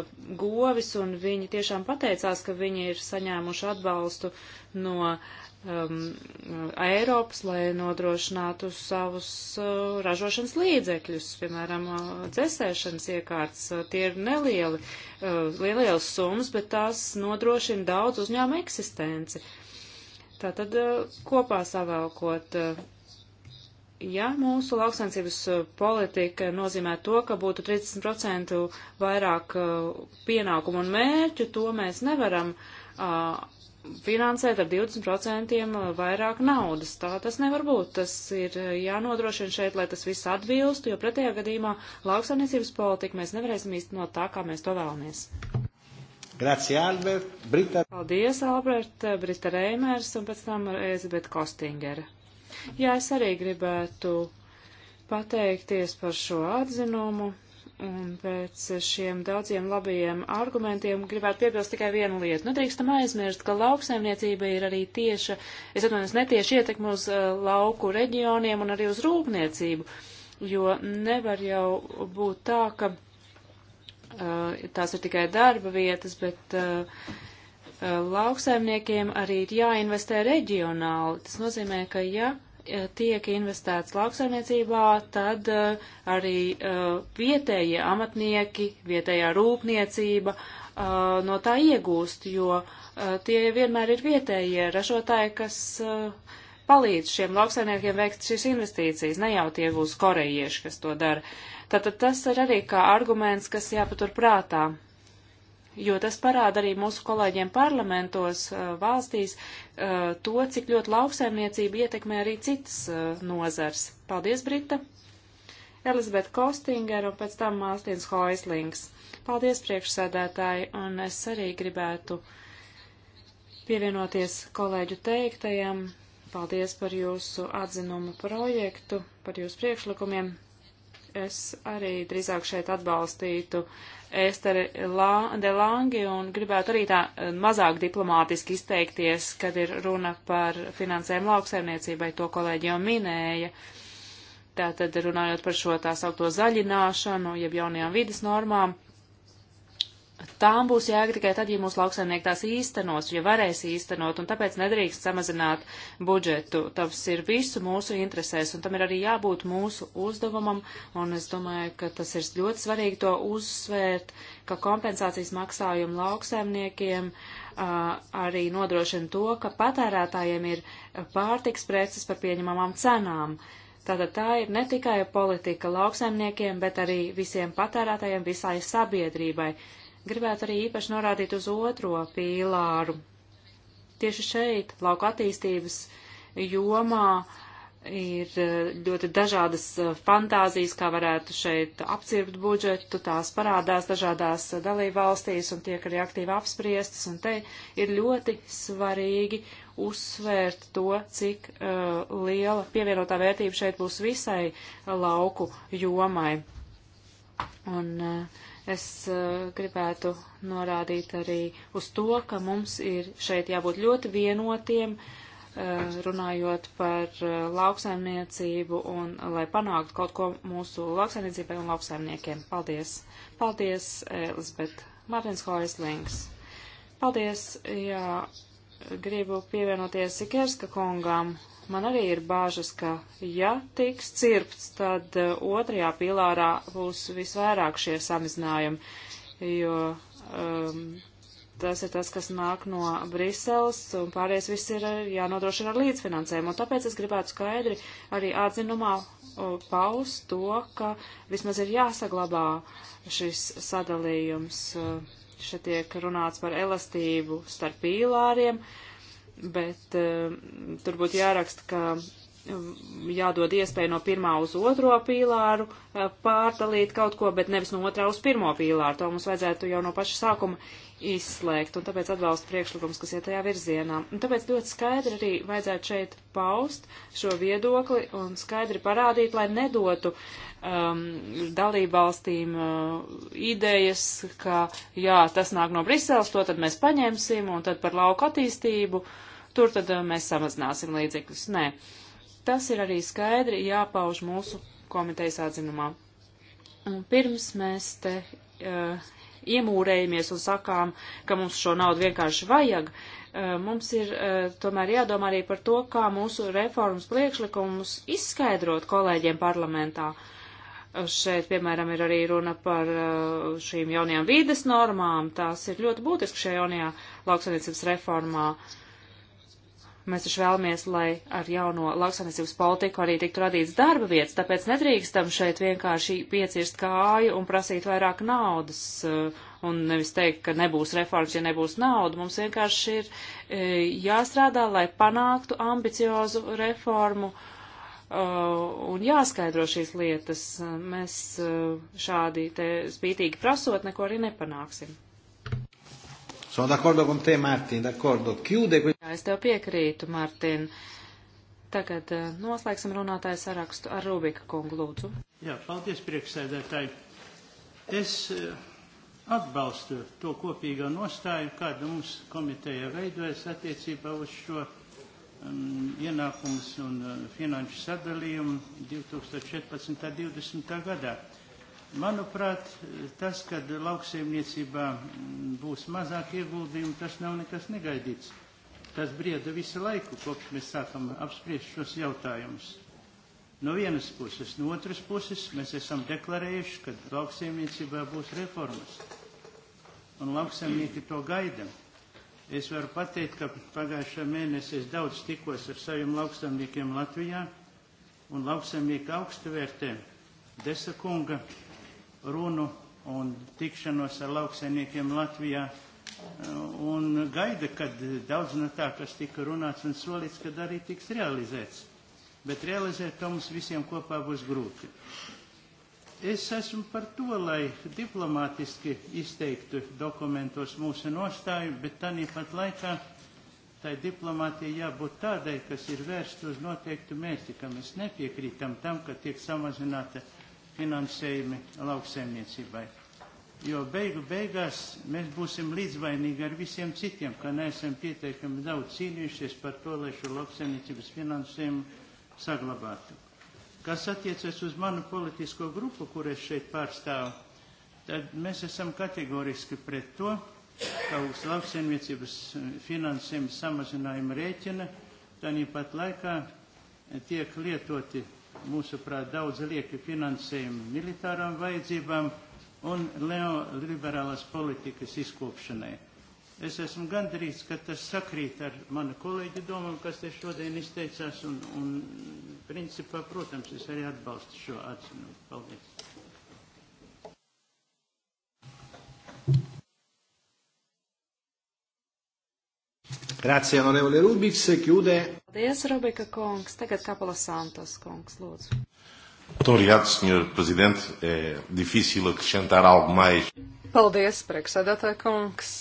eh, govis, un viņi tiešām pateicās, ka viņi ir saņēmuši atbalstu no uh, um, Eiropas, lai nodrošinātu savus uh, ražošanas līdzekļus, piemēram, uh, dzēsēšanas iekārtas. Uh, tie ir nelieli, uh, lielas summas, bet tās nodrošina daudz uzņēmu eksistenci. Tātad uh, kopā savēlkot. Uh, Ja mūsu lauksaimniecības uh, politika nozīmē to, ka būtu 30% vairāk uh, pienākumu un mērķu, to mēs nevaram uh, finansēt ar 20% vairāk naudas. Tā tas nevar būt. Tas ir uh, jānodrošina šeit, lai tas viss atbilstu, jo pretējā gadījumā lauksaimniecības politiku mēs nevarēsim īstenot tā, kā mēs to vēlamies. Grazie, Albert. Brita. Paldies, Albert, uh, Brita Reimers un pēc tam Elizabete Kostingere. Jā, es arī gribētu pateikties par šo atzinumu. Un pēc šiem daudziem labajiem argumentiem gribētu piebilst tikai vienu lietu. Nedrīkstam nu, aizmirst, ka lauksaimniecība ir arī tieša, es atvainojos, netieši ietekmi uz uh, lauku reģioniem un arī uz rūpniecību, jo nevar jau būt tā, ka uh, tās ir tikai darba vietas, bet uh, lauksaimniekiem arī ir jāinvestē reģionāli. Tas nozīmē, ka ja tiek investēts lauksaimniecībā, tad eh, arī eh, vietējie amatnieki, vietējā rūpniecība eh, no tā iegūst, jo tie vienmēr ir vietējie ražotāji, kas palīdz šiem lauksaimniekiem veikt šīs investīcijas, ne jau tie būs korejieši, kas to dara. Tātad tas ir arī kā arguments, kas jāpatur prātā jo tas parāda arī mūsu kolēģiem parlamentos uh, valstīs uh, to, cik ļoti lauksaimniecība ietekmē arī citas uh, nozars. Paldies, Brita! Elizabete Kostingera un pēc tam Mārtiņš Hoislings. Paldies, priekšsēdētāji, un es arī gribētu pievienoties kolēģu teiktajam. Paldies par jūsu atzinumu projektu, par jūsu priekšlikumiem. Es arī drīzāk šeit atbalstītu Esteri de Langi un gribētu arī tā eh, mazāk diplomātiski izteikties, kad ir runa par finansēm lauksaimniecībai, to kolēģi jau minēja. Tātad runājot par šo tā saukto zaļināšanu, jeb jaunajām vidas normām, tām būs jēga tikai tad, ja mūsu lauksaimnieki tās īstenos, ja varēs īstenot, un tāpēc nedrīkst samazināt budžetu. Tas ir visu mūsu interesēs, un tam ir arī jābūt mūsu uzdevumam, un es domāju, ka tas ir ļoti svarīgi to uzsvērt, ka kompensācijas maksājumu lauksaimniekiem a, arī nodrošina to, ka patērētājiem ir pārtiks preces par pieņemamām cenām. Tātad tā ir ne tikai politika lauksaimniekiem, bet arī visiem patērētājiem, visai sabiedrībai. Gribētu arī īpaši norādīt uz otro pīlāru. Tieši šeit, lauka attīstības jomā, ir eh, ļoti dažādas eh, fantāzijas, kā varētu šeit apcirpt budžetu, tās parādās dažādās eh, dalībvalstīs un tiek arī aktīvi apspriestas, un te ir ļoti svarīgi uzsvērt to, cik uh, liela pievienotā vērtība šeit būs visai lauku jomai. Un, uh, Es uh, gribētu norādīt arī uz to, ka mums ir šeit jābūt ļoti vienotiem, uh, runājot par uh, lauksaimniecību un lai panāktu kaut ko mūsu lauksaimniecībai un lauksaimniekiem. Paldies! Paldies, Elizabet! Mārtiņš Hoislings! Paldies! Jā, gribu pievienoties Sikerska kungam Man arī ir bāžas, ka ja tiks cirpts, tad uh, otrajā pilārā būs visvairāk šie samazinājumi, jo um, tas ir tas, kas nāk no Briseles, un pārējais viss ir uh, jānodrošina ar līdzfinansējumu. Un tāpēc es gribētu skaidri arī atzinumā uh, paust to, ka vismaz ir jāsaglabā šis sadalījums. Šeit tiek runāts par elastību starp pīlāriem. Uh, bet uh, tur būtu jāraksta, ka Um, jādod iespēju no pirmā uz otro pīlāru uh, pārdalīt kaut ko, bet nevis no otrā uz pirmo pīlāru. To mums vajadzētu jau no paša sākuma izslēgt, un tāpēc atbalstu priekšlikums, kas iet tajā virzienā. Un tāpēc ļoti skaidri arī vajadzētu šeit paust šo viedokli un skaidri parādīt, lai nedotu um, dalībvalstīm uh, idejas, ka jā, tas nāk no Briseles, to tad mēs paņemsim, un tad par lauku attīstību tur tad uh, mēs samazināsim līdzekļus. Nē. Uh, Tas ir arī skaidri jāpauž mūsu komitejas atzinumā. Un pirms mēs te uh, iemūrējamies un sakām, ka mums šo naudu vienkārši vajag, uh, mums ir uh, tomēr jādomā arī par to, kā mūsu reformas priekšlikumus izskaidrot kolēģiem parlamentā. Uh, šeit, piemēram, ir arī runa par šīm jaunajām vīdes normām. Tās ir ļoti būtiski šajā jaunajā lauksaimniecības reformā. Uh, Mēs taču vēlamies, lai ar jauno lauksaimniecības politiku arī tiktu radīts darba vietas, tāpēc nedrīkstam šeit vienkārši piecirst kāju un prasīt vairāk naudas uh, un nevis teikt, ka nebūs reformas, ja nebūs nauda. Mums vienkārši ir uh, jāstrādā, lai panāktu ambiciozu reformu uh, un jāskaidro šīs lietas. Mēs šādi te spītīgi prasot neko arī nepanāksim. Sono d'accordo con te, Martin, d'accordo. Chiude questo. Jā, es tev piekrītu, Martin. Tagad eh, noslēgsim runātāju sarakstu ar Rubika kungu lūdzu. Jā, paldies, priekšsēdētāji. Es eh, atbalstu to kopīgo nostāju, kādu mums komiteja veidojas attiecībā uz šo um, ienākumus un uh, finanšu sadalījumu 2014. un 2020. gadā. Manuprāt, tas, kad lauksaimniecībā būs mazāk ieguldījumu, tas nav nekas negaidīts. Tas brieda visu laiku, kopš mēs sākam apspriest šos jautājumus. No vienas puses, no otras puses mēs esam deklarējuši, ka lauksaimniecībā būs reformas. Un lauksaimnieki to gaida. Es varu pateikt, ka pagājušā mēnesī es daudz tikos ar saviem lauksaimniekiem Latvijā, un lauksaimnieki augstu vērtē Desa kunga runu un tikšanos ar lauksainiekiem Latvijā uh, un gaida, kad daudz no tā, kas tika runāts un solīts, kad arī tiks realizēts. Bet realizēt to mums visiem kopā būs grūti. Es esmu par to, lai diplomātiski izteiktu dokumentos mūsu nostāju, bet tādī pat laikā tai diplomātija jābūt tādai, kas ir vērsta uz noteiktu mērķi, ka mēs nepiekrītam tam, ka tiek samazināta finansējumi lauksaimniecībai. Jo beigu beigās mēs būsim līdzvainīgi ar visiem citiem, ka neesam pietiekami daudz cīnījušies par to, lai šo lauksaimniecības finansējumu saglabātu. Kas attiecas uz manu politisko grupu, kur es šeit pārstāvu, tad mēs esam kategoriski pret to, ka uz lauksaimniecības eh, finansējuma samazinājuma rēķina, tad pat laikā tiek lietoti mūsuprāt, daudz lieka finansējumu militārām vajadzībām un neoliberālās politikas izkopšanai. Es esmu gandrīz, ka tas sakrīt ar manu kolēģi domām, kas te šodien izteicās, un, un principā, protams, es arī atbalstu šo atzinumu. Paldies. Grazie, onorevole Rubiks, kļūdē. Paldies, Rubika kungs. Tagad Kapala Santos kungs, lūdzu. Muito obrigado, Sr. Presidente. É difícil acrescentar algo mais. Paldies, priekšsēdētāj kungs.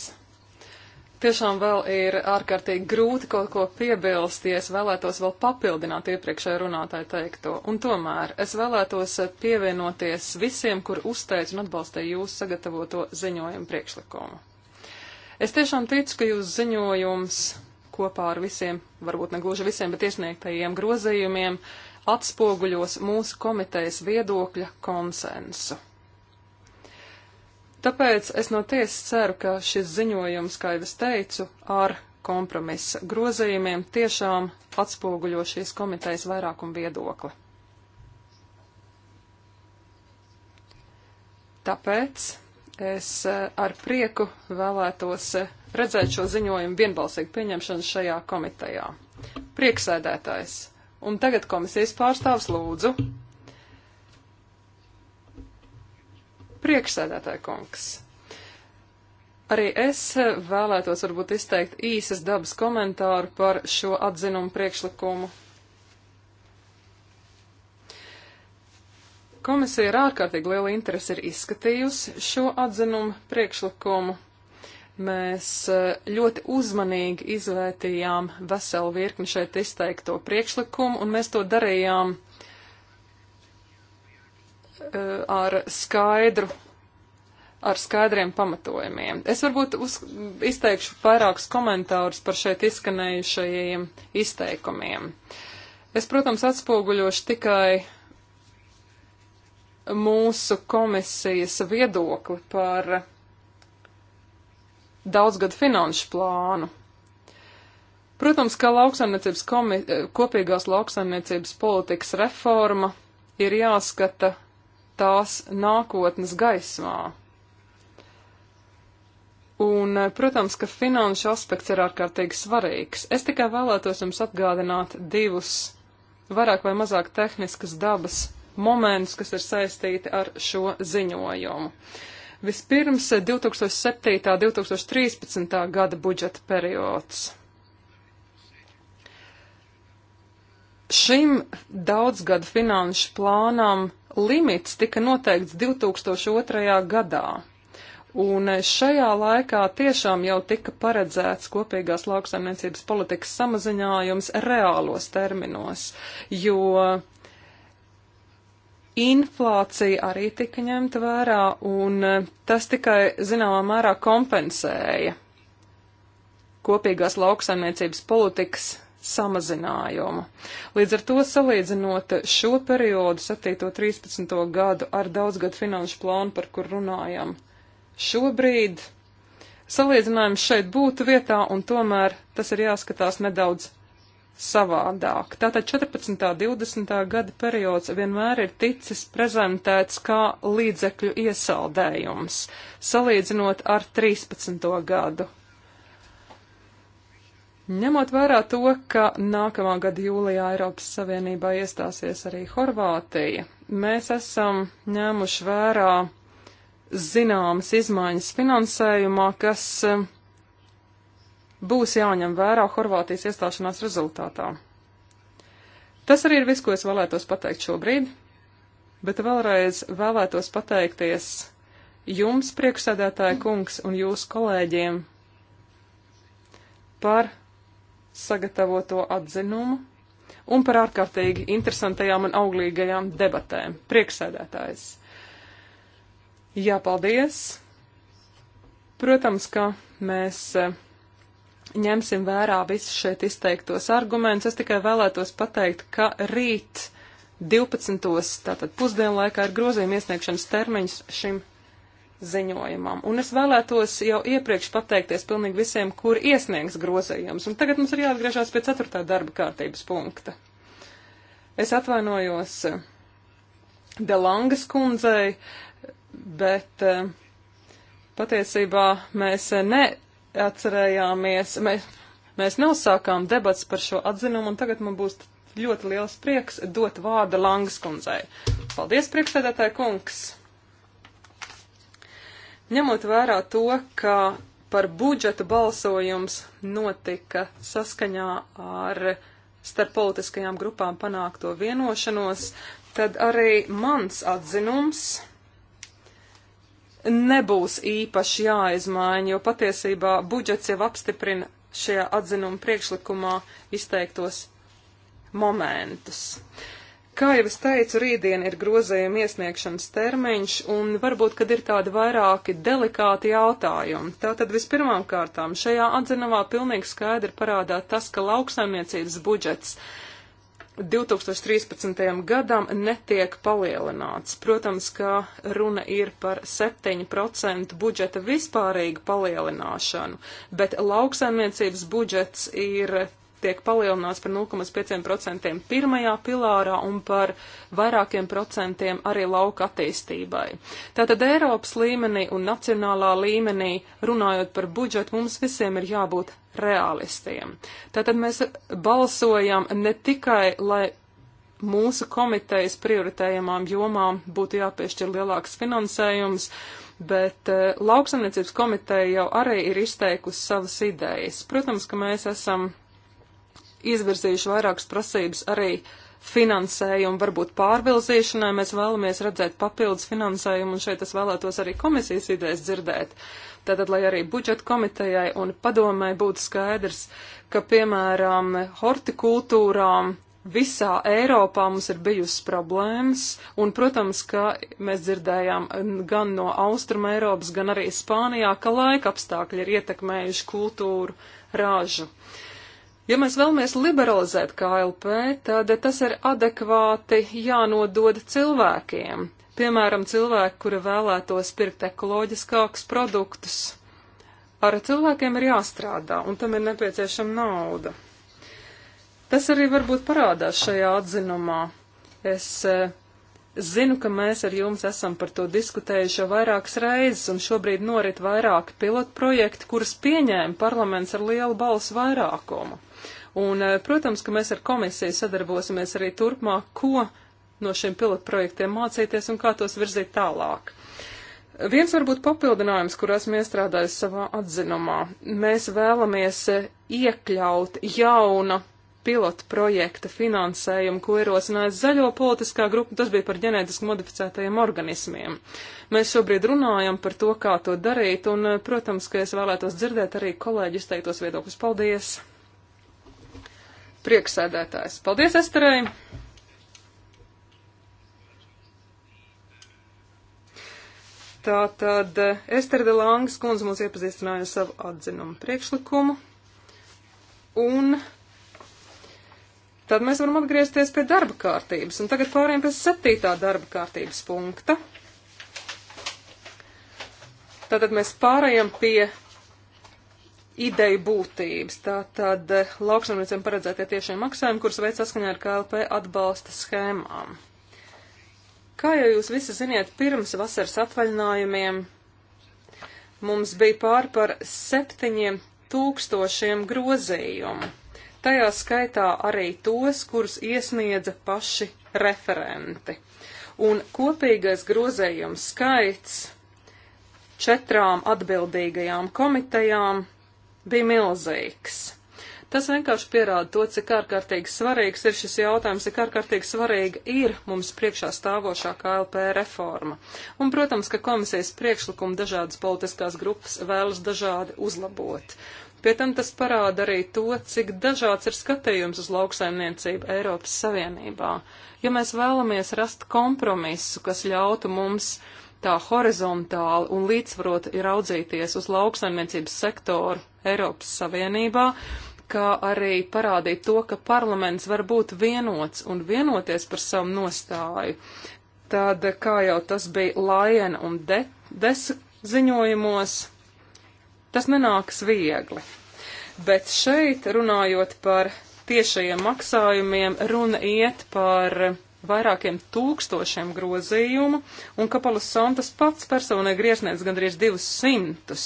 Tiešām vēl ir ārkārtīgi grūti kaut ko piebilst, ja es vēlētos vēl papildināt iepriekšēju runātāju teikto. Un tomēr es vēlētos pievienoties visiem, kur uzteicu un atbalstīju jūsu sagatavoto ziņojumu priekšlikumu. Es tiešām ticu, ka jūs ziņojums kopā ar visiem, varbūt ne gluži visiem, bet iesniegtajiem grozījumiem atspoguļos mūsu komitejas viedokļa konsensu. Tāpēc es no tiesas ceru, ka šis ziņojums, kā jau es teicu, ar kompromisa grozījumiem tiešām atspoguļo šīs komitejas vairākumu viedokli. Tāpēc Es eh, ar prieku vēlētos eh, redzēt šo ziņojumu vienbalsīgu pieņemšanu šajā komitejā. Prieksēdētājs. Un tagad komisijas pārstāvs lūdzu. Prieksēdētāja kungs. Arī es eh, vēlētos varbūt izteikt īsas dabas komentāru par šo atzinumu priekšlikumu Komisija ar ārkārtīgi lielu interesi ir izskatījusi šo atzinumu priekšlikumu. Mēs e, ļoti uzmanīgi izvērtījām veselu virkni šeit izteikto priekšlikumu, un mēs to darījām e, ar skaidru ar skaidriem pamatojumiem. Es varbūt uz, izteikšu vairākus komentārus par šeit izskanējušajiem izteikumiem. Es, protams, atspoguļošu tikai mūsu komisijas viedokli par daudzgadu finanšu plānu. Protams, kā lauksaimniecības kopīgās lauksaimniecības politikas reforma ir jāskata tās nākotnes gaismā. Un, protams, ka finanšu aspekts ir ārkārtīgi svarīgs. Es tikai vēlētos jums atgādināt divus vairāk vai mazāk tehniskas dabas momentus, kas ir saistīti ar šo ziņojumu. Vispirms 2007. Eh, 2013. gada budžeta periods. Šim daudzgadu finanšu plānam limits tika noteikts 2002. gadā. Un eh, šajā laikā tiešām jau tika paredzēts kopīgās lauksaimniecības politikas samazinājums reālos terminos, jo inflācija arī tika ņemta vērā, un eh, tas tikai zināmā mērā kompensēja kopīgās lauksaimniecības politikas samazinājumu. Līdz ar to salīdzinot šo periodu, 7.13. gadu ar daudzgadu finanšu plānu, par kur runājam šobrīd, salīdzinājums šeit būtu vietā, un tomēr tas ir jāskatās nedaudz savādāk. Tātad 14. un 20. gada periods vienmēr ir ticis prezentēts kā līdzekļu iesaldējums, salīdzinot ar 13. gadu. Ņemot vērā to, ka nākamā gada jūlijā Eiropas Savienībā iestāsies arī Horvātija, mēs esam ņēmuši vērā zināmas izmaiņas finansējumā, kas būs jāņem vērā Horvātijas iestāšanās rezultātā. Tas arī ir viss, ko es vēlētos pateikt šobrīd, bet vēlreiz vēlētos pateikties jums, priekšsēdētāja kungs, un jūsu kolēģiem par sagatavoto atzinumu un par ārkārtīgi interesantajām un auglīgajām debatēm. Priekšsēdētājs. Jā, paldies! Protams, ka mēs eh, ņemsim vērā visus šeit izteiktos argumentus. Es tikai vēlētos pateikt, ka rīt 12. tātad pusdienlaikā ir grozījuma iesniegšanas termiņš šim ziņojumam. Un es vēlētos jau iepriekš pateikties pilnīgi visiem, kur iesniegs grozījums. Un tagad mums ir jāatgriežās pie 4. darba kārtības punkta. Es atvainojos eh, Delangas kundzei, bet eh, patiesībā mēs eh, ne atcerējāmies, mēs, mēs neuzsākām debats par šo atzinumu, un tagad man būs ļoti liels prieks dot vārdu Langas kundzei. Paldies, priekšsēdētāji kungs! Ņemot vērā to, ka par budžetu balsojums notika saskaņā ar starp politiskajām grupām panākto vienošanos, tad arī mans atzinums nebūs īpaši jāizmaiņa, jo patiesībā budžets jau apstiprina šajā atzinuma priekšlikumā izteiktos momentus. Kā jau es teicu, rītdien ir grozējuma iesniegšanas termiņš, un varbūt, kad ir tādi vairāki delikāti jautājumi. Tātad vispirmām kārtām šajā atzinumā pilnīgi skaidri parādā tas, ka lauksaimniecības budžets uh, 2013. gadam netiek palielināts. Protams, ka runa ir par 7% budžeta vispārīgu palielināšanu, bet lauksaimniecības budžets ir tiek palielināts par 0,5% pirmajā pilārā un par vairākiem procentiem arī lauka attīstībai. Tātad Eiropas līmenī un nacionālā līmenī runājot par budžetu mums visiem ir jābūt realistiem. Tātad mēs balsojam ne tikai, lai mūsu komitejas prioritējamām jomām būtu jāpiešķir lielāks finansējums, bet eh, lauksaimniecības komiteja jau arī ir izteikusi savas idejas. Protams, ka mēs esam izvirzījuši vairākas prasības arī finansējumu, varbūt pārvilzīšanai. Mēs vēlamies redzēt papildus finansējumu, un šeit es vēlētos arī komisijas idejas dzirdēt. Tātad, lai arī budžeta komitejai un padomai būtu skaidrs, ka, piemēram, hortikultūrām visā Eiropā mums ir bijusi problēmas, un, protams, ka mēs dzirdējām gan no Austrum Eiropas, gan arī Spānijā, ka laika apstākļi ir ietekmējuši kultūru rāžu. Uh, Ja mēs vēlamies liberalizēt KLP, tad tas ir adekvāti jānodod cilvēkiem. Piemēram, cilvēki, kuri vēlētos pirkt ekoloģiskākus produktus. Ar cilvēkiem ir jāstrādā, un tam ir nepieciešama nauda. Tas arī varbūt parādās šajā atzinumā. Es eh, Zinu, ka mēs ar jums esam par to diskutējuši jau vairākas reizes, un šobrīd norit vairāki pilotprojekti, kurus pieņēma parlaments ar lielu balsu vairākumu. Un, eh, protams, ka mēs ar komisiju sadarbosimies arī turpmāk, ko no šiem pilotprojektiem mācīties un kā tos virzīt tālāk. Viens varbūt papildinājums, kur esmu iestrādājis savā atzinumā. Mēs vēlamies eh, iekļaut jauna pilotu projekta finansējumu, ko ierosināja zaļo politiskā grupa, tas bija par ģenētiski modificētajiem organismiem. Mēs šobrīd runājam par to, kā to darīt, un, eh, protams, ka es vēlētos dzirdēt arī kolēģi izteiktos viedokļus. Paldies! Prieksēdētājs. Paldies, Esterei! Tā tad eh, Esterda Langas kundze mums iepazīstināja savu atzinumu priekšlikumu. Un Tad mēs varam atgriezties pie darba kārtības. Un tagad pāriem pie septītā darba kārtības punkta. Tātad mēs pārējām pie ideju būtības. Tātad eh, lauksaimniecēm paredzētie tiešie maksājumi, kurus veids saskaņā ar KLP atbalsta schēmām. Kā jau jūs visi ziniet, pirms vasaras atvaļinājumiem mums bija pāri par septiņiem tūkstošiem grozījumu tajā skaitā arī tos, kurus iesniedza paši referenti. Un kopīgais grozējums skaits četrām atbildīgajām komitejām bija milzīgs. Tas vienkārši pierāda to, cik ārkārtīgi svarīgs ir šis jautājums, cik ārkārtīgi svarīga ir mums priekšā stāvošā KLP reforma. Un, protams, ka komisijas priekšlikumu dažādas politiskās grupas vēlas dažādi uzlabot. Pie tam tas parāda arī to, cik dažāds ir skatījums uz lauksaimniecību Eiropas Savienībā. Ja mēs vēlamies rast kompromisu, kas ļautu mums tā horizontāli un līdzsvarot raudzīties uz lauksaimniecības sektoru Eiropas Savienībā, kā arī parādīt to, ka parlaments var būt vienots un vienoties par savu nostāju. Tad, kā jau tas bija Lajena un De Desa ziņojumos, Tas nenāks viegli. Bet šeit, runājot par tiešajiem maksājumiem, runa iet par vairākiem tūkstošiem grozījumu, un Kapalas Santas pats personīgi ir iesniedz gandrīz 200.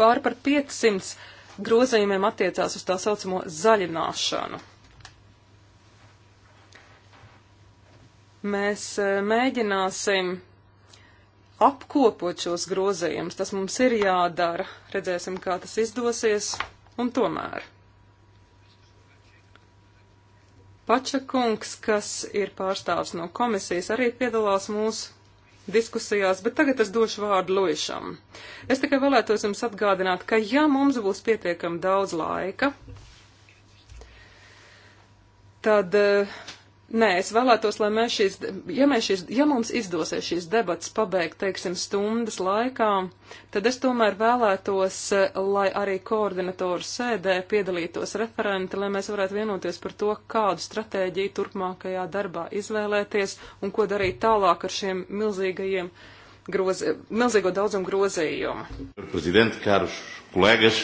Pāri par 500 grozījumiem attiecās uz tā saucamo zaļināšanu. Mēs eh, mēģināsim apkopot šos grozījumus. Tas mums ir jādara. Redzēsim, kā tas izdosies. Un tomēr. Pača kungs, kas ir pārstāvs no komisijas, arī piedalās mūsu diskusijās, bet tagad es došu vārdu Luišam. Es tikai vēlētos jums atgādināt, ka ja mums būs pietiekami daudz laika, tad uh, Nē, es vēlētos, lai mēs šīs, ja, mēs šīs, ja mums izdosies šīs debats pabeigt, teiksim, stundas laikā, tad es tomēr vēlētos, eh, lai arī koordinatoru sēdē piedalītos referenti, lai mēs varētu vienoties par to, kādu stratēģiju turpmākajā darbā izvēlēties un ko darīt tālāk ar šiem milzīgajiem grozi, milzīgo daudzumu grozījumu. Prezident, kārš, kolēgas,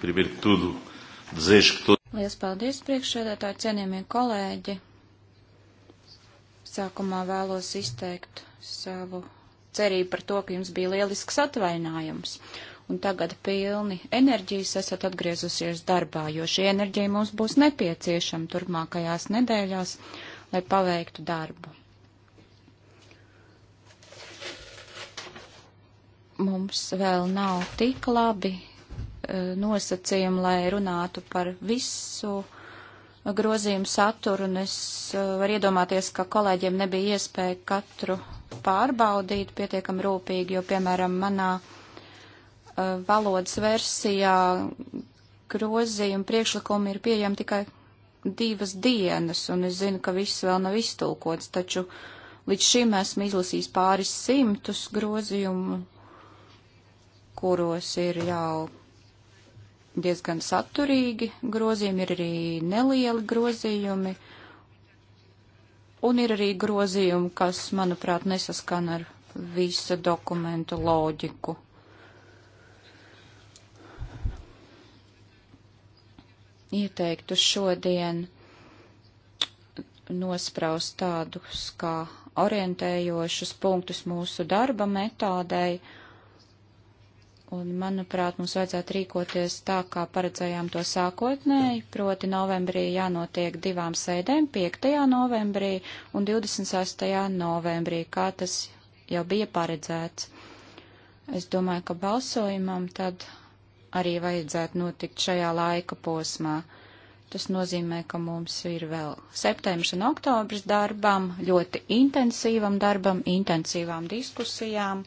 pirmīt tudu, dzēšu, ka tu. Liels paldies, priekšsēdētāji, cienījamie kolēģi! Sākumā vēlos izteikt savu cerību par to, ka jums bija lielisks atvainājums. Un tagad pilni enerģijas esat atgriezusies darbā, jo šī enerģija mums būs nepieciešama turpmākajās nedēļās, lai paveiktu darbu. Mums vēl nav tik labi eh, nosacījumi, lai runātu par visu uh, grozījumu saturu, un es eh, varu iedomāties, ka kolēģiem nebija iespēja katru pārbaudīt pietiekami rūpīgi, jo, piemēram, manā eh, valodas versijā grozījuma priekšlikumi ir pieejami tikai divas dienas, un es zinu, ka viss vēl nav iztulkots, taču līdz šim esmu izlasījis pāris simtus grozījumu, kuros ir jau diezgan saturīgi grozījumi, ir arī nelieli grozījumi, un ir arī grozījumi, kas, manuprāt, nesaskan ar visa dokumentu loģiku. Ieteiktu šodien nospraust tādus kā orientējošus punktus mūsu darba metodei Un, manuprāt, mums vajadzētu rīkoties tā, kā paredzējām to sākotnēji, proti novembrī jānotiek divām sēdēm, 5. novembrī un 26. novembrī, kā tas jau bija paredzēts. Es domāju, ka balsojumam tad arī vajadzētu notikt šajā laika posmā. Tas nozīmē, ka mums ir vēl septembris un oktobris darbam, ļoti intensīvam darbam, intensīvām diskusijām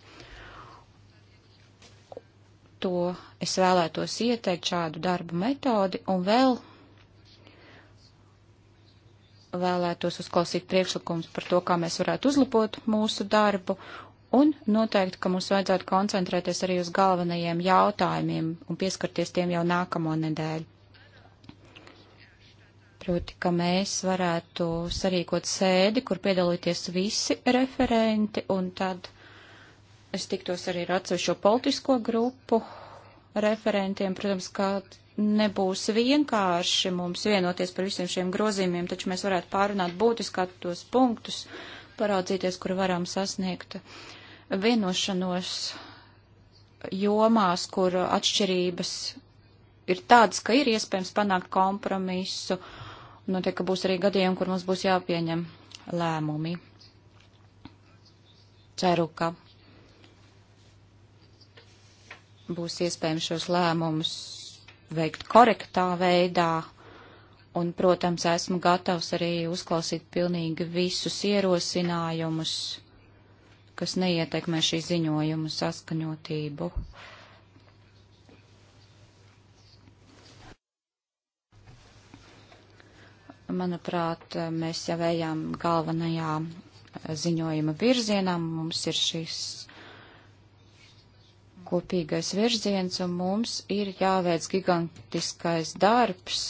to es vēlētos ieteikt šādu darbu metodi un vēl vēlētos uzklausīt priekšlikums par to, kā mēs varētu uzlabot mūsu darbu un noteikti, ka mums vajadzētu koncentrēties arī uz galvenajiem jautājumiem un pieskarties tiem jau nākamo nedēļu. Proti, ka mēs varētu sarīkot sēdi, kur piedalīties visi referenti un tad Es tiktos arī ar atsevišķo politisko grupu referentiem. Protams, ka nebūs vienkārši mums vienoties par visiem šiem grozījumiem, taču mēs varētu pārunāt būtiskā tos punktus, paraudzīties, kur varam sasniegt vienošanos jomās, kur atšķirības ir tādas, ka ir iespējams panākt kompromisu. Notiek, ka būs arī gadījumi, kur mums būs jāpieņem lēmumi. Ceru, ka būs iespējams šos lēmumus veikt korektā veidā. Un, protams, esmu gatavs arī uzklausīt pilnīgi visus ierosinājumus, kas neietekmē šī ziņojuma saskaņotību. Manuprāt, mēs jau ejam galvenajā ziņojuma virzienā. Mums ir šis kopīgais virziens, un mums ir jāveic gigantiskais darbs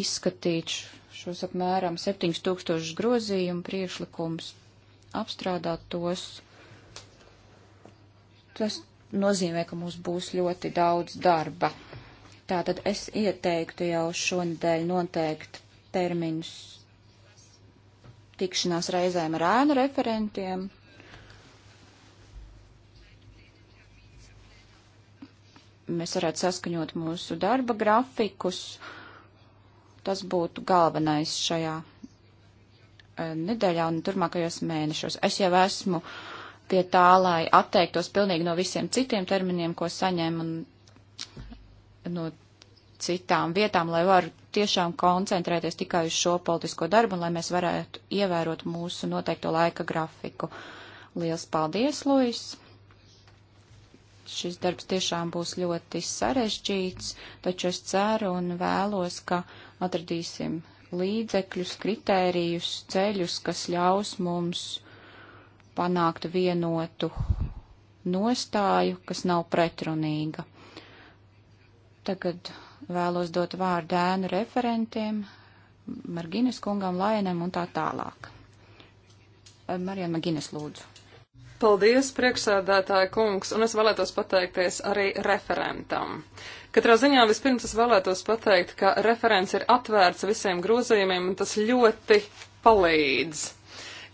izskatīt šos apmēram 7000 grozījumu priekšlikumus, apstrādāt tos. Tas nozīmē, ka mums būs ļoti daudz darba. Tātad es ieteiktu jau šonadēļ noteikt termiņus tikšanās reizēm ar ēnu referentiem, mēs varētu saskaņot mūsu darba grafikus. Tas būtu galvenais šajā e, nedēļā un turmākajos mēnešos. Es jau esmu pie tā, lai atteiktos pilnīgi no visiem citiem terminiem, ko saņēmu no citām vietām, lai varu tiešām koncentrēties tikai uz šo politisko darbu un lai mēs varētu ievērot mūsu noteikto laika grafiku. Liels paldies, Luis! šis darbs tiešām būs ļoti sarežģīts, taču es ceru un vēlos, ka atradīsim līdzekļus, kritērijus, ceļus, kas ļaus mums panākt vienotu nostāju, kas nav pretrunīga. Tagad vēlos dot vārdu ēnu referentiem, Marginis kungam, Lainam un tā tālāk. Marija Maginis lūdzu. Paldies, priekšsēdētāja kungs, un es vēlētos pateikties arī referentam. Katrā ziņā vispirms es vēlētos pateikt, ka referents ir atvērts visiem grozījumiem, un tas ļoti palīdz.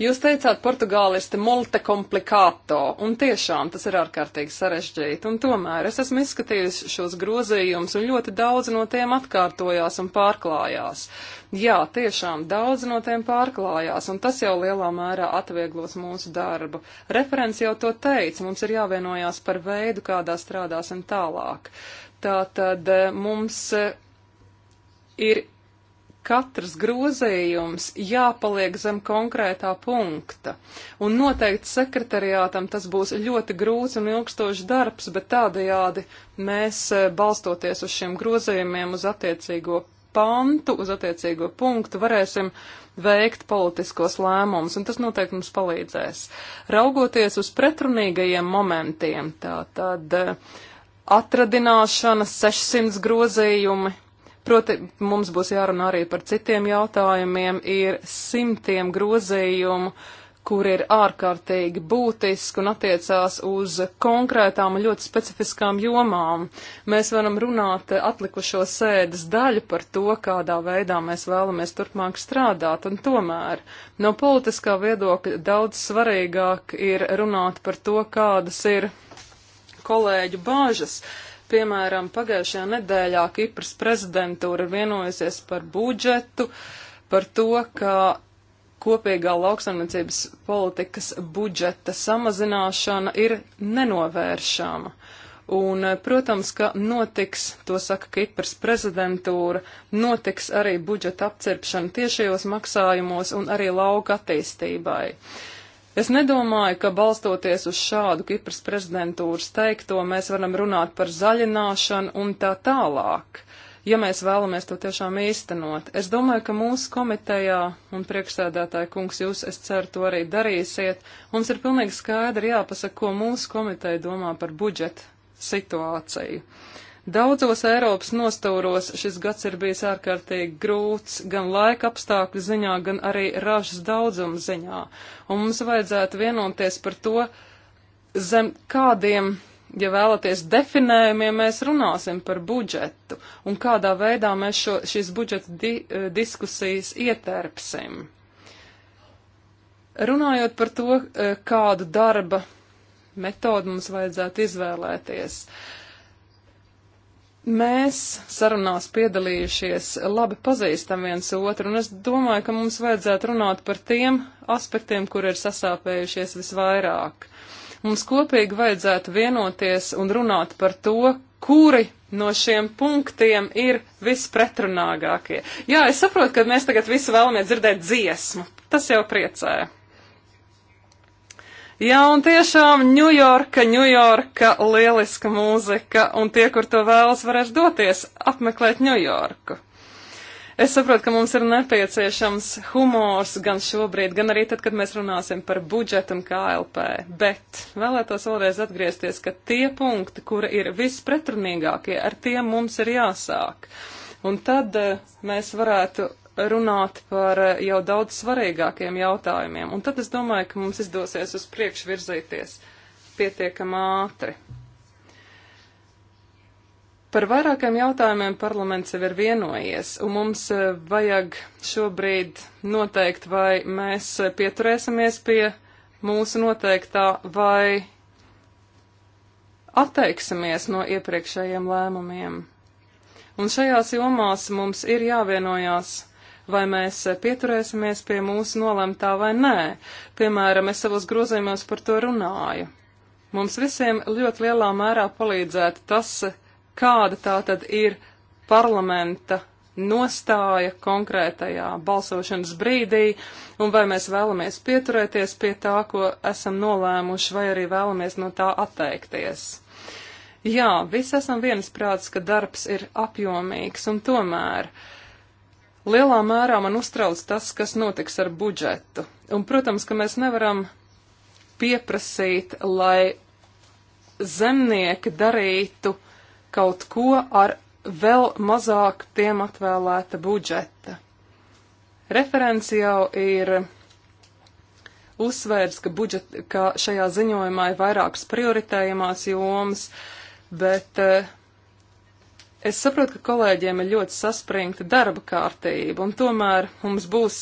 Jūs teicāt, portugālisti multe komplikāto, un tiešām tas ir ārkārtīgi sarežģīti, un tomēr es esmu izskatījis šos grozījumus, un ļoti daudz no tiem atkārtojās un pārklājās. Jā, tiešām daudz no tiem pārklājās, un tas jau lielā mērā atvieglos mūsu darbu. Referents jau to teica, mums ir jāvienojās par veidu, kādā strādāsim tālāk. Tātad eh, mums eh, ir katrs grozījums jāpaliek zem konkrētā punkta. Un noteikti sekretariātam tas būs ļoti grūts un ilgstošs darbs, bet tādajādi mēs e, balstoties uz šiem grozījumiem, uz attiecīgo pantu, uz attiecīgo punktu varēsim veikt politiskos lēmumus, un tas noteikti mums palīdzēs. Raugoties uz pretrunīgajiem momentiem, tā tad e, atradināšana 600 grozījumi, Proti, mums būs jārunā arī par citiem jautājumiem, ir simtiem grozījumu, kur ir ārkārtīgi būtiski un attiecās uz konkrētām un ļoti specifiskām jomām. Mēs varam runāt atlikušo sēdes daļu par to, kādā veidā mēs vēlamies turpmāk strādāt, un tomēr no politiskā viedokļa daudz svarīgāk ir runāt par to, kādas ir kolēģu bāžas. Uh, Piemēram, pagājušajā nedēļā Kipras prezidentūra vienojusies par budžetu, par to, ka kopīgā lauksaimniecības politikas budžeta samazināšana ir nenovēršama. Un, protams, ka notiks, to saka Kipras prezidentūra, notiks arī budžeta apcerpšana tiešajos maksājumos un arī lauka attīstībai. Uh, Es nedomāju, ka balstoties uz šādu Kipras prezidentūras teikto, mēs varam runāt par zaļināšanu un tā tālāk, ja mēs vēlamies to tiešām īstenot. Es domāju, ka mūsu komitejā, un priekšsēdētāji kungs, jūs, es ceru, to arī darīsiet, mums ir pilnīgi skaidri jāpasaka, ko mūsu komiteja domā par budžetu situāciju. Daudzos Eiropas nostūros šis gads ir bijis ārkārtīgi grūts gan laika apstākļu ziņā, gan arī ražas daudzuma ziņā. Un mums vajadzētu vienoties par to, zem kādiem, ja vēlaties, definējumiem mēs runāsim par budžetu un kādā veidā mēs šo, šīs budžeta di, e, diskusijas ietērpsim. Runājot par to, e, kādu darba metodu mums vajadzētu izvēlēties. Uh, Mēs sarunās piedalījušies, labi pazīstam viens otru, un es domāju, ka mums vajadzētu runāt par tiem aspektiem, kur ir sasāpējušies visvairāk. Mums kopīgi vajadzētu vienoties un runāt par to, kuri no šiem punktiem ir vispretrunīgākie. Jā, es saprotu, ka mēs tagad visi vēlamies dzirdēt dziesmu. Tas jau priecē. Jā, un tiešām Ņujorka, Ņujorka, lieliska mūzika, un tie, kur to vēlas, varēs doties apmeklēt Ņujorku. Es saprotu, ka mums ir nepieciešams humors gan šobrīd, gan arī tad, kad mēs runāsim par budžetu un KLP, bet vēlētos vēlreiz atgriezties, ka tie punkti, kuri ir vispretrunīgākie, ar tiem mums ir jāsāk. Un tad eh, mēs varētu runāt par eh, jau daudz svarīgākiem jautājumiem, un tad es domāju, ka mums izdosies uz priekšu virzīties pietiekam ātri. Par vairākiem jautājumiem parlaments jau ir vienojies, un mums eh, vajag šobrīd noteikt, vai mēs pieturēsimies pie mūsu noteiktā vai atteiksimies no iepriekšējiem lēmumiem. Un šajās jomās mums ir jāvienojās vai mēs pieturēsimies pie mūsu nolemtā vai nē. Piemēram, es savos grozījumos par to runāju. Mums visiem ļoti lielā mērā palīdzētu tas, kāda tā tad ir parlamenta nostāja konkrētajā balsošanas brīdī, un vai mēs vēlamies pieturēties pie tā, ko esam nolēmuši, vai arī vēlamies no tā atteikties. Jā, visi esam viensprāts, ka darbs ir apjomīgs, un tomēr uh, Lielā mērā man uztrauc tas, kas notiks ar budžetu. Un, protams, ka mēs nevaram pieprasīt, lai zemnieki darītu kaut ko ar vēl mazāk tiem atvēlēta budžeta. Referents jau ir uzsvērs, ka, budžet, ka šajā ziņojumā ir vairākas prioritējumās jomas, bet uh, Es saprotu, ka kolēģiem ir ļoti saspringta darba kārtība, un tomēr mums būs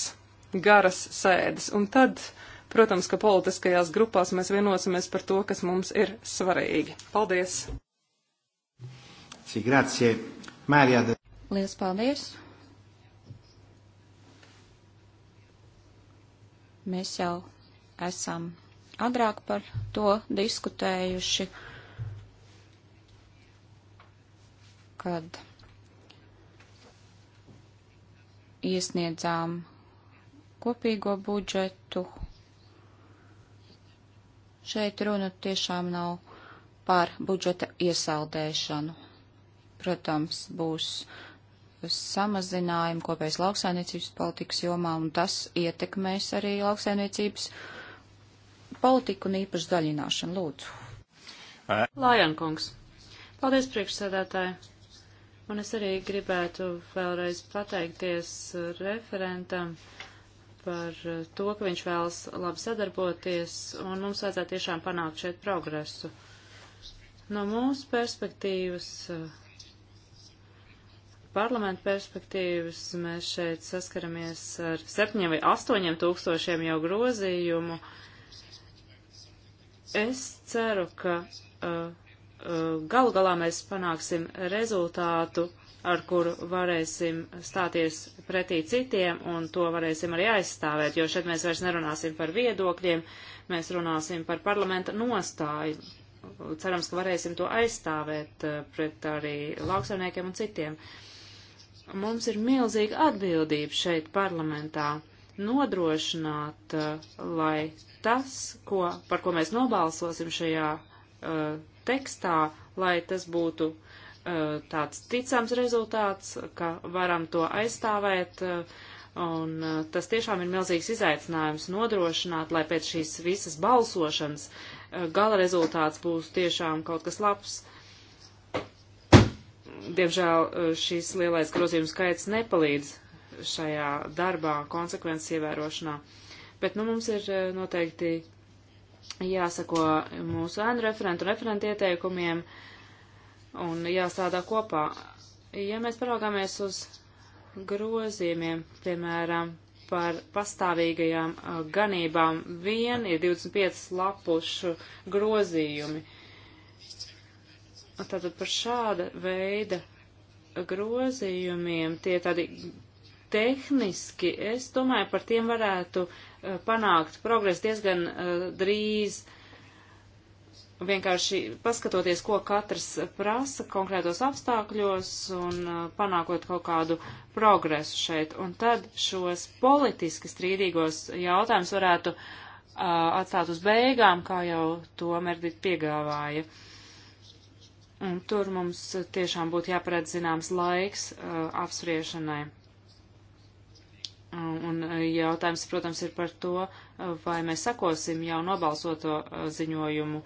garas sēdes. Un tad, protams, ka politiskajās grupās mēs vienosimies par to, kas mums ir svarīgi. Paldies! Sī, grazie, Mērija. Lielas paldies! Mēs jau esam agrāk par to diskutējuši. kad iesniedzām kopīgo budžetu. Šeit runa tiešām nav par budžeta iesaldēšanu. Protams, būs samazinājumi kopējas lauksainiecības politikas jomā, un tas ietekmēs arī lauksainiecības politiku un īpaši zaļināšanu. Lūdzu. Lajankungs. Paldies, priekšsēdētāji. Un es arī gribētu vēlreiz pateikties uh, referentam par uh, to, ka viņš vēlas labi sadarboties, un mums vajadzētu tiešām panākt šeit progresu. No mūsu perspektīvas, uh, parlamenta perspektīvas, mēs šeit saskaramies ar septiņiem vai astoņiem tūkstošiem jau grozījumu. Es ceru, ka uh, Eh, galu galā mēs panāksim rezultātu, ar kuru varēsim stāties pretī citiem un to varēsim arī aizstāvēt, jo šeit mēs vairs nerunāsim par viedokļiem, mēs runāsim par parlamenta nostāju. Cerams, ka varēsim to aizstāvēt eh, pret arī lauksaimniekiem un citiem. Mums ir milzīga atbildība šeit parlamentā nodrošināt, eh, lai tas, ko, par ko mēs nobalsosim šajā uh, tekstā, lai tas būtu uh, tāds ticams rezultāts, ka varam to aizstāvēt. Uh, Un uh, tas tiešām ir milzīgs izaicinājums nodrošināt, lai pēc šīs visas balsošanas uh, gala rezultāts būs tiešām kaut kas labs. Diemžēl uh, šis lielais grozījums skaits nepalīdz šajā darbā konsekvences ievērošanā. Bet nu, mums ir noteikti jāsako mūsu ēnu referentu, referentu ieteikumiem un jāstrādā kopā. Ja mēs paraugāmies uz grozījumiem, piemēram, par pastāvīgajām ganībām, vien ir 25 lapušu grozījumi. Tātad par šāda veida grozījumiem tie tādi Tehniski es domāju, par tiem varētu uh, panākt progresu diezgan uh, drīz. Vienkārši paskatoties, ko katrs prasa konkrētos apstākļos un uh, panākot kaut kādu progresu šeit. Un tad šos politiski strīdīgos jautājumus varētu atstāt uz beigām, kā jau to Merdit piegāvāja. Un tur mums tiešām būtu jāparedz zināms laiks uh, apspriešanai. Un jautājums, protams, ir par to, vai mēs sakosim jau nobalsoto eh, ziņojumu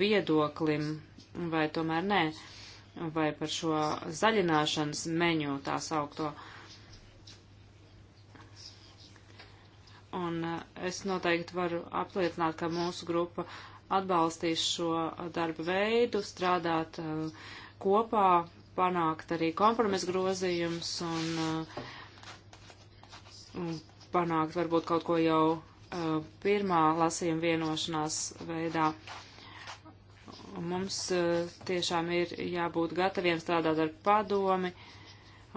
viedoklim, vai tomēr nē, vai par šo zaļināšanas meņu tā saukto. Un eh, es noteikti varu apliecināt, ka mūsu grupa atbalstīs šo darba veidu, strādāt eh, kopā, panākt arī kompromisgrozījums un uh, panākt varbūt kaut ko jau uh, pirmā lasījuma vienošanās veidā. Mums uh, tiešām ir jābūt gataviem strādāt ar padomi,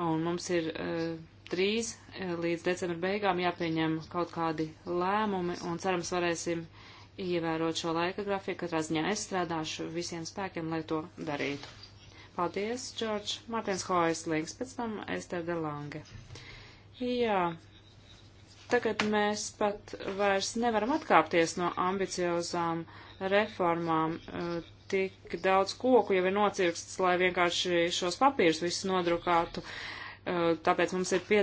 un mums ir uh, drīz uh, līdz decembra beigām jāpieņem kaut kādi lēmumi, un cerams varēsim ievērot šo laika grafiku. Katrā ziņā es strādāšu visiem spēkiem, lai to darītu. Paldies, Džordž, Martins Hoislings, pēc tam Ester Delange. Jā, Tagad mēs pat vairs nevaram atkāpties no ambiciozām reformām. Eh, Tik daudz koku jau ir nocirksts, lai vienkārši šos papīrus visus nodrukātu. Eh, tāpēc mums ir pie,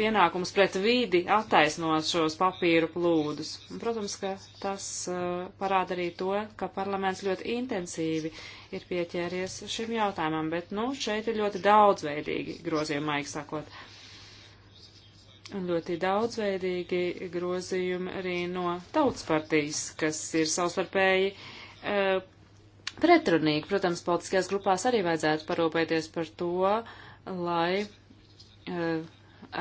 pienākums pret vīdi attaisnot šos papīru plūdus. Un, protams, ka tas eh, parāda arī to, ka parlaments ļoti intensīvi ir pieķēries šim jautājumam, bet, nu, šeit ir ļoti daudzveidīgi grozījuma, maigi sakot. Uh, un ļoti daudzveidīgi grozījumi arī no tautas partijas, kas ir savstarpēji e, pretrunīgi. Protams, politiskajās grupās arī vajadzētu parūpēties par to, lai e,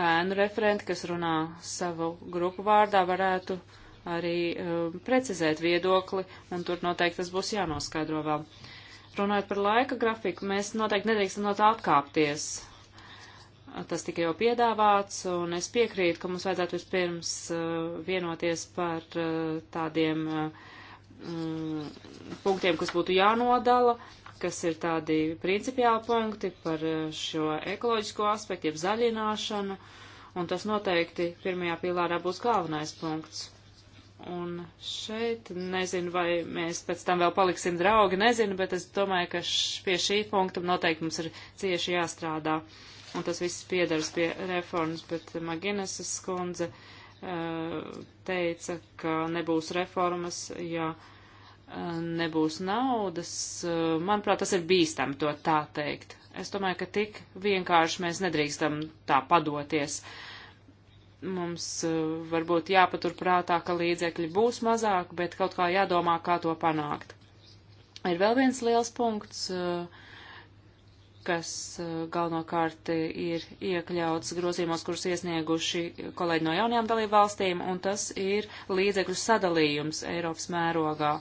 ēnu referenti, kas runā savu grupu vārdā, varētu arī e, precizēt viedokli, un tur noteikti tas būs jānoskaidro vēl. Runājot par laika grafiku, mēs noteikti nedrīkstam no tā atkāpties tas tika jau piedāvāts, un es piekrītu, ka mums vajadzētu vispirms uh, vienoties par uh, tādiem uh, mm, punktiem, kas būtu jānodala, kas ir tādi principiāli punkti par šo ekoloģisko aspektu, jeb zaļināšanu, un tas noteikti pirmajā pilārā būs galvenais punkts. Un šeit nezinu, vai mēs pēc tam vēl paliksim draugi, nezinu, bet es domāju, ka š, pie šī punkta noteikti mums ir cieši jāstrādā. Uh, un tas viss piedaras pie reformas, bet Maginesas skundze uh, teica, ka nebūs reformas, ja uh, nebūs naudas. Uh, manuprāt, tas ir bīstami to tā teikt. Es domāju, ka tik vienkārši mēs nedrīkstam tā padoties. Mums varbūt jāpaturprātā, ka līdzekļi būs mazāk, bet kaut kā jādomā, kā to panākt. Ir vēl viens liels punkts, uh, kas eh, galvenokārt ir iekļauts grozījumos, kurus iesnieguši kolēģi no jaunajām dalībvalstīm, un tas ir līdzekļu sadalījums Eiropas mērogā.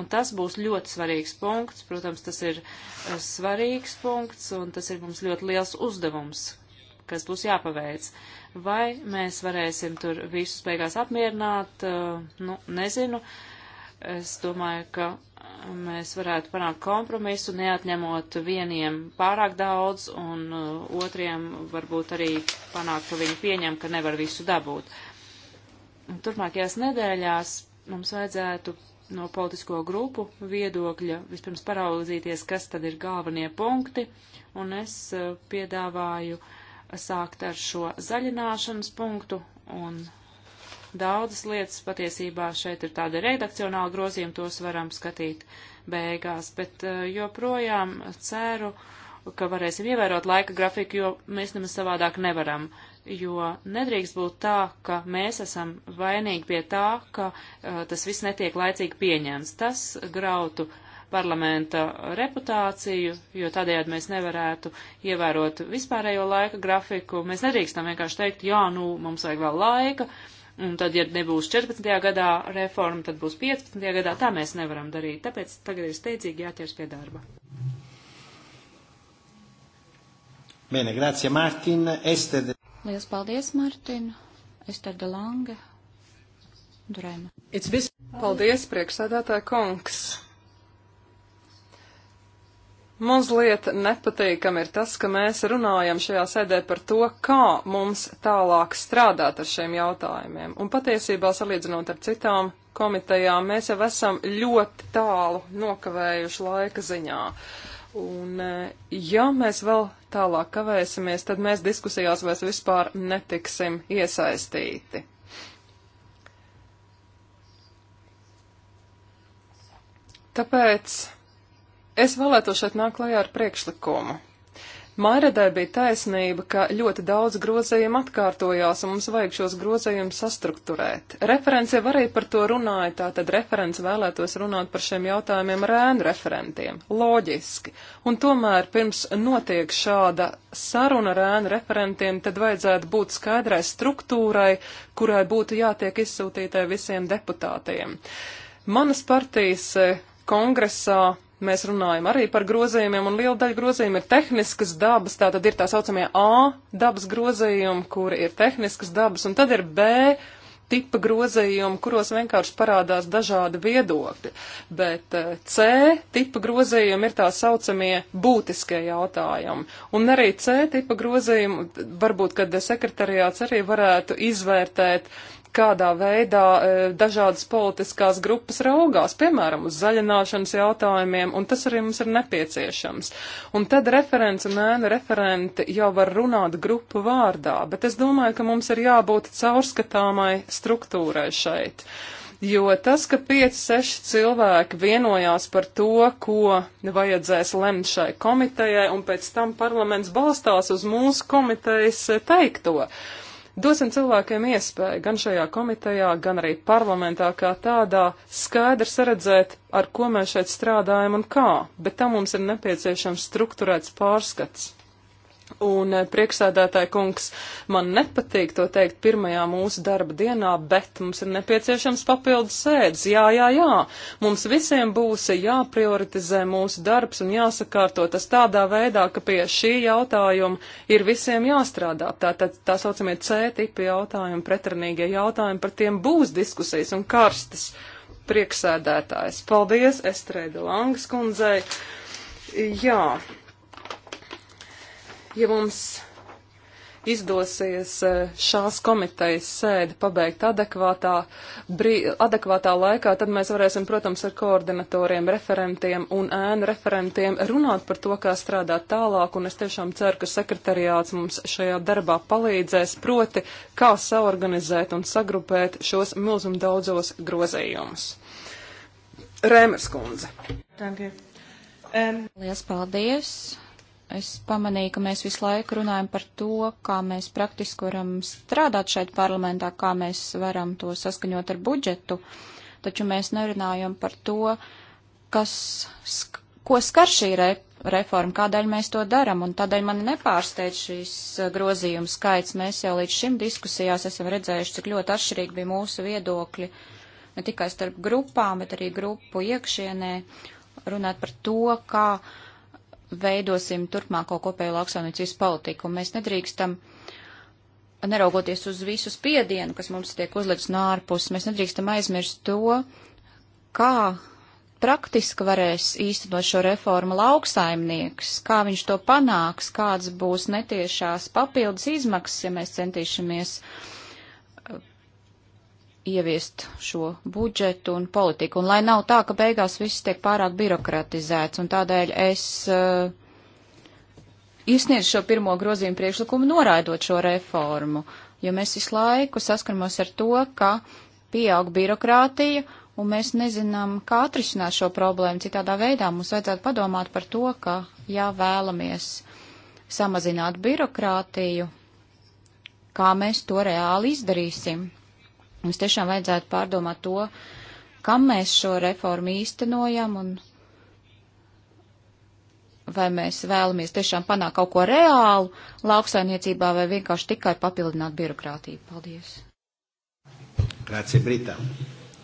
Un tas būs ļoti svarīgs punkts, protams, tas ir eh, svarīgs punkts, un tas ir mums ļoti liels uzdevums, kas būs jāpaveic. Vai mēs varēsim tur visus beigās apmierināt, eh, nu, nezinu. Es domāju, ka mēs varētu panākt kompromisu, neatņemot vieniem pārāk daudz un uh, otriem varbūt arī panākt, ka viņi pieņem, ka nevar visu dabūt. Turpmākajās nedēļās mums vajadzētu no politisko grupu viedokļa vispirms paraudzīties, kas tad ir galvenie punkti, un es uh, piedāvāju sākt ar šo zaļināšanas punktu un Daudzas lietas patiesībā šeit ir tāda redakcionāla grozījuma, tos varam skatīt beigās, bet eh, joprojām ceru, ka varēsim ievērot laika grafiku, jo mēs nemaz savādāk nevaram, jo nedrīkst būt tā, ka mēs esam vainīgi pie tā, ka uh, tas viss netiek laicīgi pieņemts. Tas grautu parlamenta reputāciju, jo tādējādi mēs nevarētu ievērot vispārējo laika grafiku. Mēs nedrīkstam vienkārši teikt, jā, nu, mums vajag vēl laika, uh, Un tad, ja nebūs 14. gadā reforma, tad būs 15. gadā. Tā mēs nevaram darīt. Tāpēc tagad ir steidzīgi jāķers pie darba. Bene, grazie, Mārtiņ. Ester. Lielas paldies, Mārtiņ. Ester de Lange. Durēma. Paldies, priekšsēdētāja kungs. Mazliet nepatīkami ir tas, ka mēs runājam šajā sēdē par to, kā mums tālāk strādāt ar šiem jautājumiem. Un patiesībā, salīdzinot ar citām komitejām, mēs jau esam ļoti tālu nokavējuši laika ziņā. Un, eh, ja mēs vēl tālāk kavēsimies, tad mēs diskusijās vairs vispār netiksim iesaistīti. Tāpēc Es vēlētu šeit nākt klajā ar priekšlikumu. Mairedai bija taisnība, ka ļoti daudz grozījumu atkārtojās, un mums vajag šos grozījumus sastruktūrēt. Referents jau arī par to runāja, tātad referents vēlētos runāt par šiem jautājumiem ar ēnu referentiem. Loģiski. Un tomēr pirms notiek šāda saruna ar ēnu referentiem, tad vajadzētu būt skaidrai struktūrai, kurai būtu jātiek izsūtītai visiem deputātiem. Manas partijas eh, kongresā mēs runājam arī par grozījumiem, un liela daļa grozījumu ir tehniskas dabas, tātad ir tā saucamie A dabas grozījumi, kuri ir tehniskas dabas, un tad ir B tipa grozījumi, kuros vienkārši parādās dažādi viedokļi, bet eh, C tipa grozījumi ir tā saucamie būtiskie jautājumi. Un arī C tipa grozījumi, varbūt, kad sekretariāts arī varētu izvērtēt, uh, kādā veidā e, dažādas politiskās grupas raugās, piemēram, uz zaļināšanas jautājumiem, un tas arī mums ir nepieciešams. Un tad referents un ēna referenti jau var runāt grupu vārdā, bet es domāju, ka mums ir jābūt caurskatāmai struktūrai šeit. Jo tas, ka 5-6 cilvēki vienojās par to, ko vajadzēs lemt šai komitejai, un pēc tam parlaments balstās uz mūsu komitejas e, teikto, uh, Dosim cilvēkiem iespēju gan šajā komitejā, gan arī parlamentā kā tādā skaidrs redzēt, ar ko mēs šeit strādājam un kā, bet tam mums ir nepieciešams strukturēts pārskats. Un eh, priekšsēdētāja kungs, man nepatīk to teikt pirmajā mūsu darba dienā, bet mums ir nepieciešams papildus sēdes. Jā, jā, jā. Mums visiem būs jāprioritizē mūsu darbs un jāsakārto tas tādā veidā, ka pie šī jautājuma ir visiem jāstrādā. Tātad tā, tā saucamie C tipi jautājumi, pretrunīgie jautājumi, par tiem būs diskusijas un karstas priekšsēdētājs. Paldies Estrēda Langas kundzei. Jā ja mums izdosies e, šās komitejas sēdi pabeigt adekvātā, brī, adekvātā laikā, tad mēs varēsim, protams, ar koordinatoriem, referentiem un ēnu referentiem runāt par to, kā strādāt tālāk, un es tiešām ceru, ka sekretariāts mums šajā darbā palīdzēs, proti, kā saorganizēt un sagrupēt šos milzum daudzos grozījumus. Rēmers kundze. Um... Liels paldies! es pamanīju, ka mēs visu laiku runājam par to, kā mēs praktiski varam strādāt šeit parlamentā, kā mēs varam to saskaņot ar budžetu, taču mēs nerunājam par to, kas, ko skar šī re, reforma, kādēļ mēs to daram, un tādēļ man nepārsteidz šīs uh, grozījuma skaits. Mēs jau līdz šim diskusijās esam redzējuši, cik ļoti atšķirīgi bija mūsu viedokļi, ne tikai starp grupām, bet arī grupu iekšienē, runāt par to, kā. Ka veidosim turpmāko kopējo lauksaunicības politiku. Un mēs nedrīkstam, neraugoties uz visu spiedienu, kas mums tiek uzlikts no ārpuses, mēs nedrīkstam aizmirst to, kā praktiski varēs īstenot šo reformu lauksaimnieks, kā viņš to panāks, kādas būs netiešās papildus izmaksas, ja mēs centīsimies uh, ieviest šo budžetu un politiku. Un lai nav tā, ka beigās viss tiek pārāk birokratizēts, un tādēļ es uh, eh, izsniedzu šo pirmo grozījumu priekšlikumu, noraidot šo reformu, jo mēs visu laiku saskaramos ar to, ka pieaug birokrātija, un mēs nezinām, kā atrisināt šo problēmu citādā veidā. Mums vajadzētu padomāt par to, ka, ja vēlamies samazināt birokrātiju, kā mēs to reāli izdarīsim. Mums tiešām vajadzētu pārdomāt to, kam mēs šo reformu īstenojam un vai mēs vēlamies tiešām panākt kaut ko reālu lauksainiecībā vai vienkārši tikai papildināt birokrātiju. Paldies! Grācija Brita.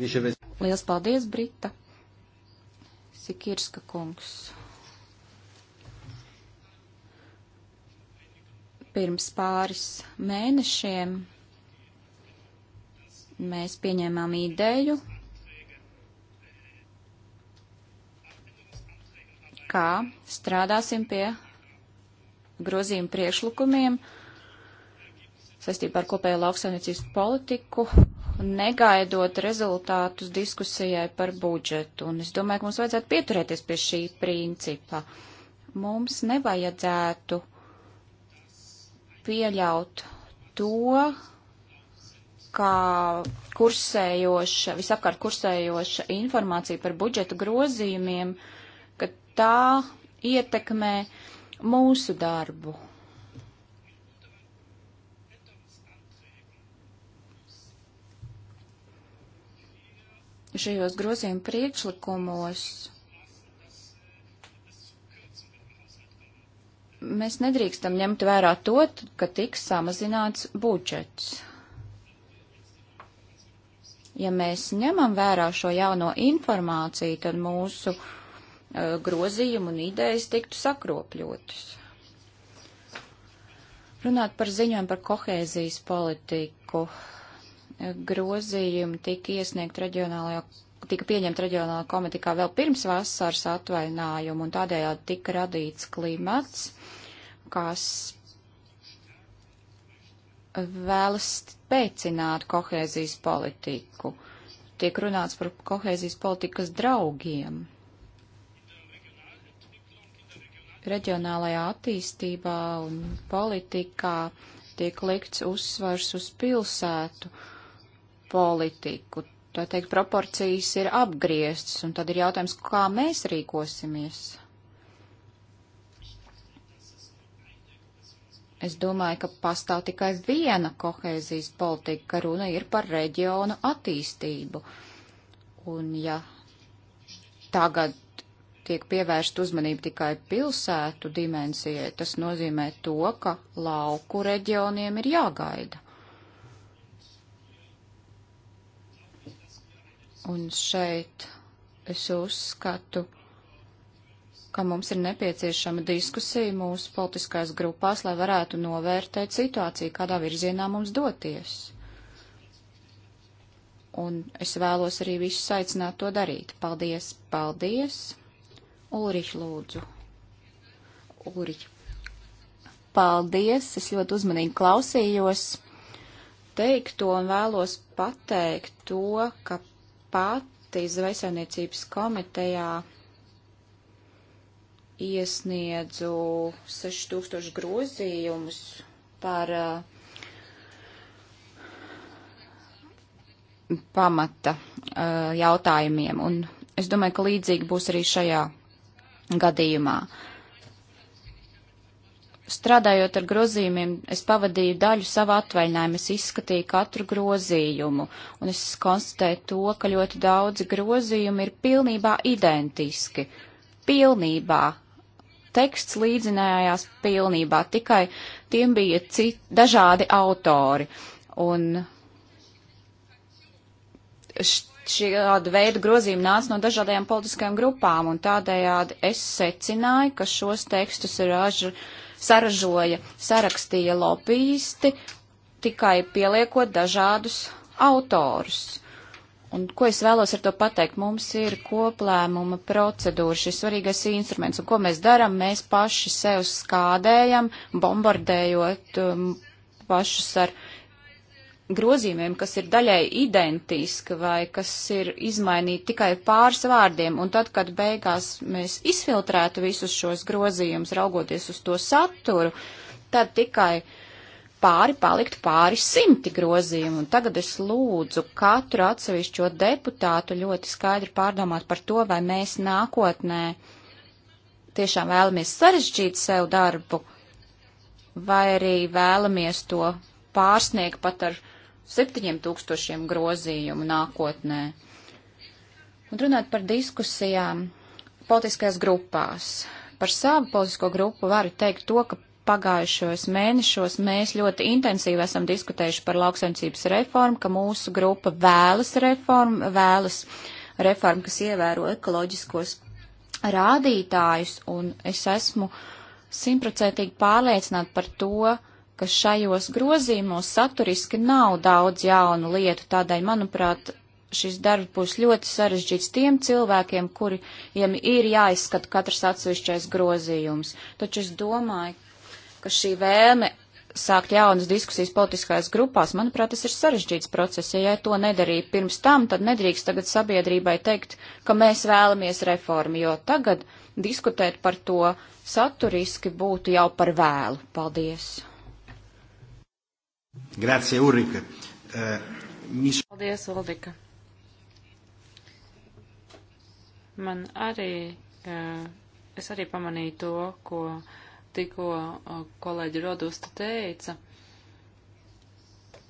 Višavies. Liels paldies, Brita. Sikirska kungs. Pirms pāris mēnešiem Mēs pieņēmām ideju, kā strādāsim pie grozījuma priekšlikumiem saistībā ar kopējo lauksaimniecības politiku, negaidot rezultātus diskusijai par budžetu. Un es domāju, ka mums vajadzētu pieturēties pie šī principa. Mums nevajadzētu pieļaut to, kā kursējoša, visapkārt kursējoša informācija par budžetu grozījumiem, ka tā ietekmē mūsu darbu. Šajos grozījuma priekšlikumos mēs nedrīkstam ņemt vērā to, ka tiks samazināts budžets. Ja mēs ņemam vērā šo jauno informāciju, tad mūsu uh, e, grozījumi un idejas tiktu sakropļotas. Runāt par ziņām par kohēzijas politiku. E, grozījumi tika iesniegt reģionālajā tika pieņemta reģionāla komitikā vēl pirms vasaras atvaļinājuma, un tādējādi tika radīts klimats, kas vēlas spēcināt kohēzijas politiku. Tiek runāts par kohēzijas politikas draugiem. Reģionālajā attīstībā un politikā tiek likts uzsvars uz pilsētu politiku. Tā teikt, proporcijas ir apgrieztas, un tad ir jautājums, kā mēs rīkosimies. Es domāju, ka pastāv tikai viena kohēzijas politika, ka runa ir par reģionu attīstību. Un ja tagad tiek pievērst uzmanību tikai pilsētu dimensijai, tas nozīmē to, ka lauku reģioniem ir jāgaida. Un šeit es uzskatu, ka mums ir nepieciešama diskusija mūsu politiskās grupās, lai varētu novērtēt situāciju, kādā virzienā mums doties. Un es vēlos arī visus aicināt to darīt. Paldies, paldies! Ulriš, lūdzu. Ulriš. Paldies, es ļoti uzmanīgi klausījos teikto un vēlos pateikt to, ka pati zvejasaimniecības komitejā iesniedzu 6000 grozījumus par uh, pamata uh, jautājumiem, un es domāju, ka līdzīgi būs arī šajā gadījumā. Strādājot ar grozījumiem, es pavadīju daļu savu atvaļinājumu, es izskatīju katru grozījumu, un es konstatēju to, ka ļoti daudzi grozījumi ir pilnībā identiski. Pilnībā teksts līdzinājās pilnībā, tikai tiem bija cit, dažādi autori. Un šāda veida grozījumi nāca no dažādajām politiskajām grupām, un tādējādi es secināju, ka šos tekstus ražu, saražoja, sarakstīja lobbyisti, tikai pieliekot dažādus autorus. Un ko es vēlos ar to pateikt? Mums ir koplēmuma procedūra, šis svarīgais instruments, un ko mēs darām? Mēs paši sev skādējam, bombardējot um, pašus ar grozījumiem, kas ir daļai identiski vai kas ir izmainīti tikai pāris vārdiem, un tad, kad beigās mēs izfiltrētu visus šos grozījumus, raugoties uz to saturu, tad tikai uh, pāri paliktu pāri simti grozījumu, un tagad es lūdzu katru atsevišķo deputātu ļoti skaidri pārdomāt par to, vai mēs nākotnē tiešām vēlamies sarežģīt sev darbu, vai arī vēlamies to pārsniegt pat ar septiņiem tūkstošiem grozījumu nākotnē. Un runāt par diskusijām politiskajās grupās. Par savu politisko grupu varu teikt to, ka pagājušos mēnešos mēs ļoti intensīvi esam diskutējuši par lauksaimniecības reformu, ka mūsu grupa vēlas reformu, vēlas reformu, kas ievēro ekoloģiskos rādītājus, un es esmu simtprocentīgi pārliecināta par to, ka šajos grozījumos saturiski nav daudz jaunu lietu, tādēļ, manuprāt, šis darbs būs ļoti sarežģīts tiem cilvēkiem, kuriem ir jāizskata katrs atsevišķais grozījums. Taču es domāju, ka šī vēlme sākt jaunas diskusijas politiskajās grupās, manuprāt, tas ir sarežģīts process. Ja, ja to nedarīja pirms tam, tad nedrīkst tagad sabiedrībai teikt, ka mēs vēlamies reformu, jo tagad diskutēt par to saturiski būtu jau par vēlu. Paldies! Grazie, Ulrika. Uh, eh, mis... Paldies, Ulrika. Man arī, uh, es arī pamanīju to, ko tikko kolēģi Rodusta teica.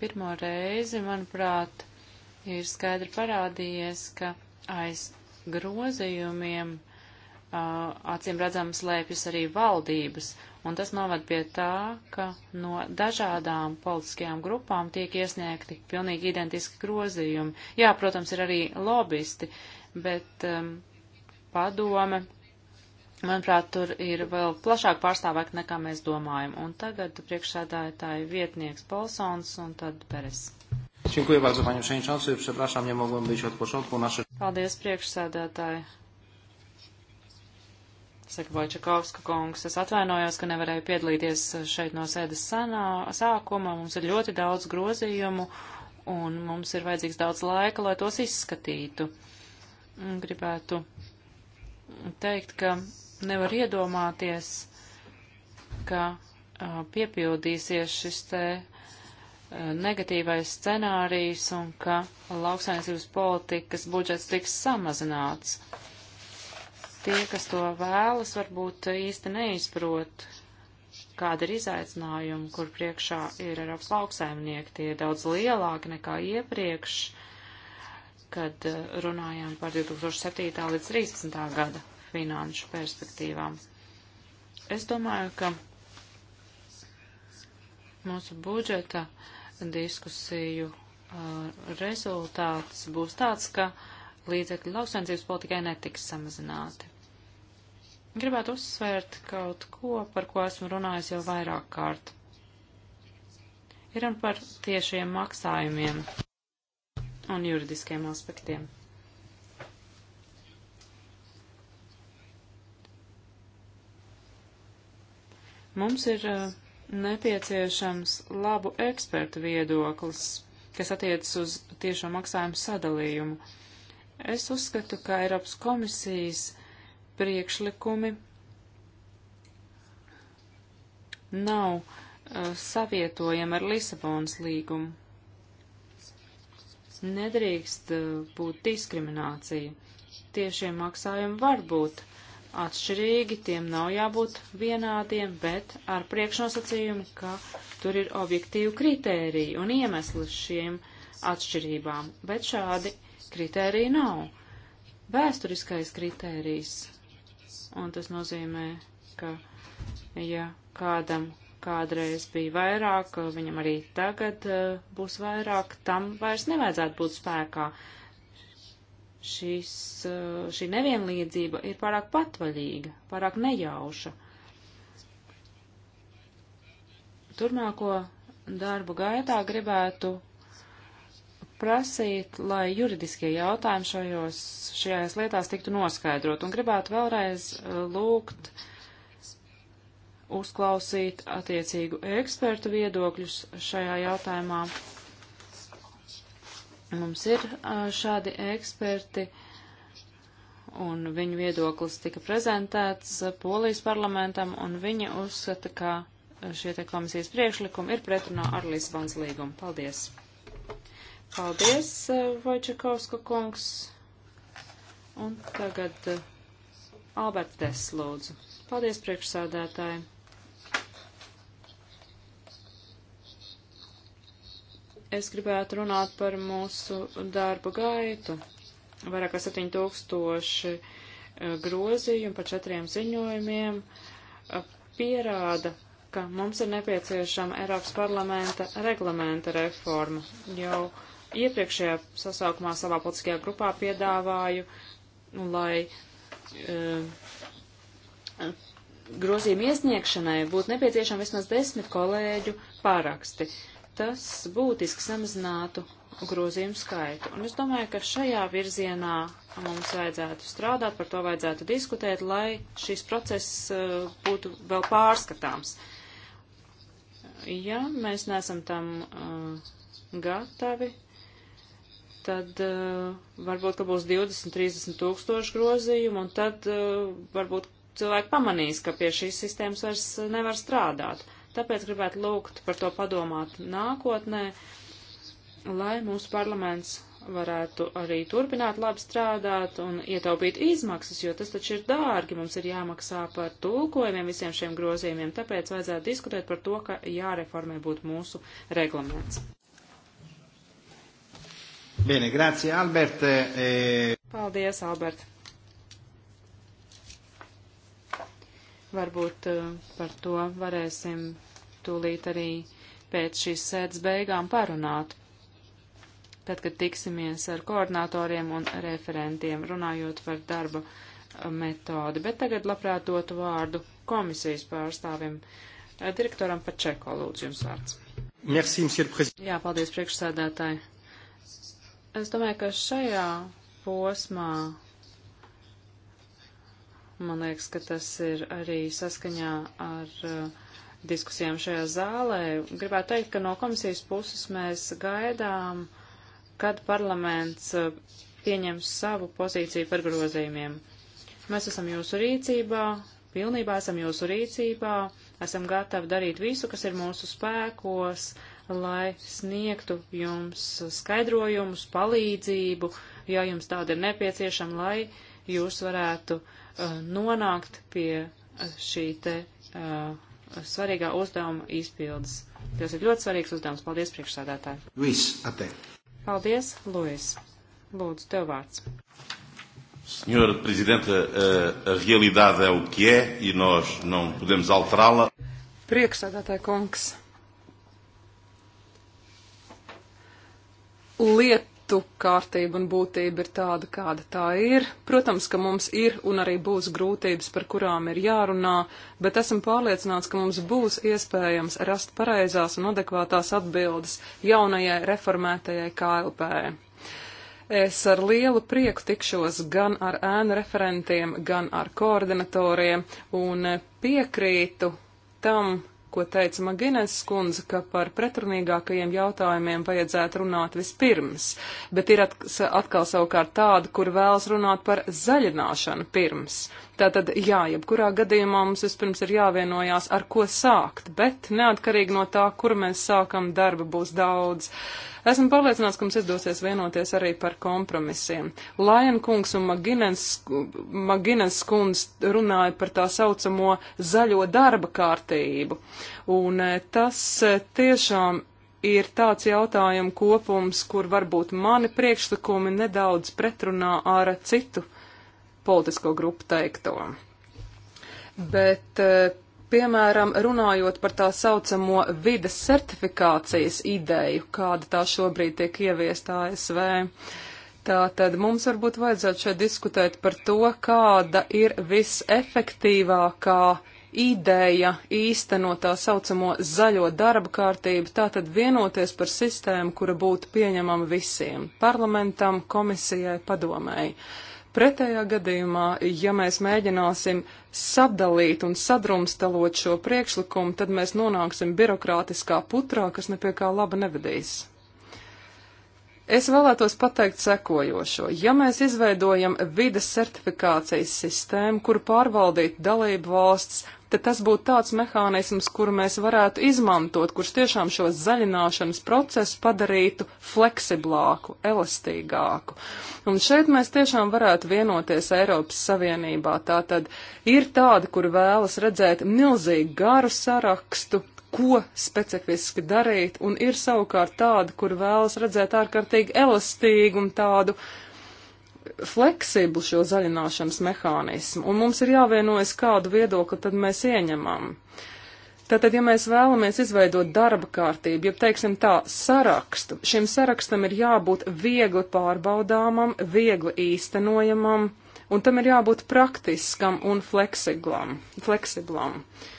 Pirmo reizi, manuprāt, ir skaidri parādījies, ka aiz grozījumiem acīm redzam slēpjas arī valdības, un tas novad pie tā, ka no dažādām politiskajām grupām tiek iesniegti pilnīgi identiski grozījumi. Jā, protams, ir arī lobisti, bet um, padome Manuprāt, tur ir vēl plašāk pārstāvāk nekā mēs domājam. Un tagad priekšsēdātāji vietnieks Polsons un tad Peres. Dziękuję bardzo, panie przewodniczący. Przepraszam, nie mogłem być od początku nasze... Paldies, priekšsēdētāji. Saka Vojčakovska kungs, es atvainojos, ka nevarēju piedalīties šeit no sēdes sanā, sākuma. Mums ir ļoti daudz grozījumu un mums ir vajadzīgs daudz laika, lai tos izskatītu. Gribētu teikt, ka nevar iedomāties, ka uh, piepildīsies šis te uh, negatīvais scenārijs un ka lauksainiecības politikas budžets tiks samazināts. Tie, kas to vēlas, varbūt īsti neizprot, kāda ir izaicinājuma, kur priekšā ir Eiropas lauksaimnieki. Tie ir daudz lielāki nekā iepriekš, kad runājām par 2007. līdz 2013. gada finanšu perspektīvām. Es domāju, ka mūsu budžeta diskusiju uh, rezultāts būs tāds, ka līdzekļi lauksaimniecības politikai netiks samazināti. Gribētu uzsvērt kaut ko, par ko esmu runājis jau vairāk kārt. Ir un par tiešiem maksājumiem un juridiskiem aspektiem. Mums ir eh, nepieciešams labu ekspertu viedoklis, kas attiecas uz tiešo maksājumu sadalījumu. Es uzskatu, ka Eiropas komisijas priekšlikumi nav uh, savietojami ar Lisabonas līgumu. Nedrīkst uh, būt diskriminācija. Tiešie maksājumi var būt atšķirīgi, tiem nav jābūt vienādiem, bet ar priekšnosacījumu, ka tur ir objektīvi kritēriji un iemesli šiem atšķirībām, bet šādi kritēriji nav. Vēsturiskais kritērijs, un tas nozīmē, ka ja kādam kādreiz bija vairāk, viņam arī tagad uh, būs vairāk, tam vairs nevajadzētu būt spēkā. Uh, šis, eh, šī nevienlīdzība ir pārāk patvaļīga, pārāk nejauša. Turmāko darbu gaitā gribētu prasīt, lai juridiskie jautājumi šajos, šajās lietās tiktu noskaidrot, un gribētu vēlreiz eh, lūgt uzklausīt attiecīgu ekspertu viedokļus šajā jautājumā Mums ir šādi eksperti, un viņu viedoklis tika prezentēts Polijas parlamentam, un viņa uzskata, ka šie te komisijas priekšlikumi ir pretrunā ar Lisabonas līgumu. Paldies! Paldies, Vojčakovska kungs! Un tagad Alberts Des lūdzu. Paldies, priekšsādātāji! es gribētu runāt par mūsu darbu gaitu. Vairāk kā 7000 e, grozījumi par četriem ziņojumiem e, pierāda, ka mums ir nepieciešama Eiropas parlamenta reglamenta reforma. Jau iepriekšējā sasaukumā savā politiskajā grupā piedāvāju, lai e, grozījuma iesniegšanai būtu nepieciešama vismaz desmit kolēģu paraksti. Uh, tas būtiski samazinātu grozījumu skaitu. Un es domāju, ka šajā virzienā mums vajadzētu strādāt, par to vajadzētu diskutēt, lai šis process uh, būtu vēl pārskatāms. Ja mēs nesam tam uh, gatavi, tad uh, varbūt, ka būs 20, 30 tūkstoši grozījumu, un tad uh, varbūt cilvēki pamanīs, ka pie šīs sistēmas vairs nevar strādāt. Uh, Tāpēc gribētu lūgt par to padomāt nākotnē, lai mūsu parlaments varētu arī turpināt labi strādāt un ietaupīt izmaksas, jo tas taču ir dārgi. Mums ir jāmaksā par tulkojumiem visiem šiem grozījumiem, tāpēc vajadzētu diskutēt par to, ka jāreformē būtu mūsu reglaments. Bene, grazie Albert. E... Paldies, Albert. Varbūt e, par to varēsim tūlīt arī pēc šīs sēdes beigām parunāt. Tad, kad tiksimies ar koordinatoriem un referentiem, runājot par darba uh, metodi. Bet tagad labprāt dotu vārdu komisijas pārstāvim, uh, direktoram Pačeko, lūdzu jums vārds. Merci, monsieur le président. Jā, paldies priekšsēdētāji. Es domāju, ka šajā posmā man liekas, ka tas ir arī saskaņā ar uh, diskusijām šajā zālē. Gribētu teikt, ka no komisijas puses mēs gaidām, kad parlaments uh, pieņems savu pozīciju par grozījumiem. Mēs esam jūsu rīcībā, pilnībā esam jūsu rīcībā, esam gatavi darīt visu, kas ir mūsu spēkos, lai sniegtu jums skaidrojumus, palīdzību, ja jums tāda ir nepieciešama, lai jūs varētu uh, nonākt pie uh, šī te uh, svarīgā uzdevuma izpildes. Tas ir ļoti svarīgs uzdevums. Paldies, priekšsādātāji. Viss, atē. Paldies, Luis. Lūdzu, tev vārds. Senhora Presidente, a, a realidade é o que é e nós não podemos alterá-la. Priekšsādātāja kungs. Liet, aktu kārtība un būtība ir tāda, kāda tā ir. Protams, ka mums ir un arī būs grūtības, par kurām ir jārunā, bet esmu pārliecināts, ka mums būs iespējams rast pareizās un adekvātās atbildes jaunajai reformētajai KLP. Es ar lielu prieku tikšos gan ar ēnu referentiem, gan ar koordinatoriem un piekrītu tam, ko teica Magines skundze, ka par pretrunīgākajiem jautājumiem vajadzētu runāt vispirms, bet ir atkal savukārt tāda, kur vēlas runāt par zaļināšanu pirms. Uh, Tātad, jā, jebkurā gadījumā mums vispirms ir jāvienojās, ar ko sākt, bet neatkarīgi no tā, kur mēs sākam, darba būs daudz. Esmu pārliecināts, ka mums izdosies vienoties arī par kompromisiem. Lajan kungs un Magines kungs runāja par tā saucamo zaļo darba kārtību, un e, tas e, tiešām ir tāds jautājumu kopums, kur varbūt mani priekšlikumi nedaudz pretrunā ar citu politisko grupu teikto. Bet, eh, piemēram, runājot par tā saucamo vides certifikācijas ideju, kāda tā šobrīd tiek ieviesta ASV, Tātad mums varbūt vajadzētu šeit diskutēt par to, kāda ir visefektīvākā ideja īstenot tā saucamo zaļo darba kārtību, tātad vienoties par sistēmu, kura būtu pieņemama visiem - parlamentam, komisijai, padomēji. Pretējā gadījumā, ja mēs mēģināsim sadalīt un sadrumstalot šo priekšlikumu, tad mēs nonāksim birokrātiskā putrā, kas nepie kā laba nevedīs. Es vēlētos pateikt sekojošo. Ja mēs izveidojam vides certifikācijas sistēmu, kuru pārvaldīt dalību valsts, tad tas būtu tāds mehānisms, kuru mēs varētu izmantot, kurš tiešām šo zaļināšanas procesu padarītu fleksiblāku, elastīgāku. Un šeit mēs tiešām varētu vienoties Eiropas Savienībā. Tātad ir tādi, kuri vēlas redzēt milzīgi garu sarakstu ko specifiski darīt, un ir savukārt tāda, kur vēlas redzēt ārkārtīgi elastīgu un tādu fleksiblu šo zaļināšanas mehānismu, un mums ir jāvienojas, kādu viedokli tad mēs ieņemam. Tātad, ja mēs vēlamies izveidot darba kārtību, ja teiksim tā sarakstu, šim sarakstam ir jābūt viegli pārbaudāmam, viegli īstenojamam, un tam ir jābūt praktiskam un fleksiblam. fleksiblam. Uh,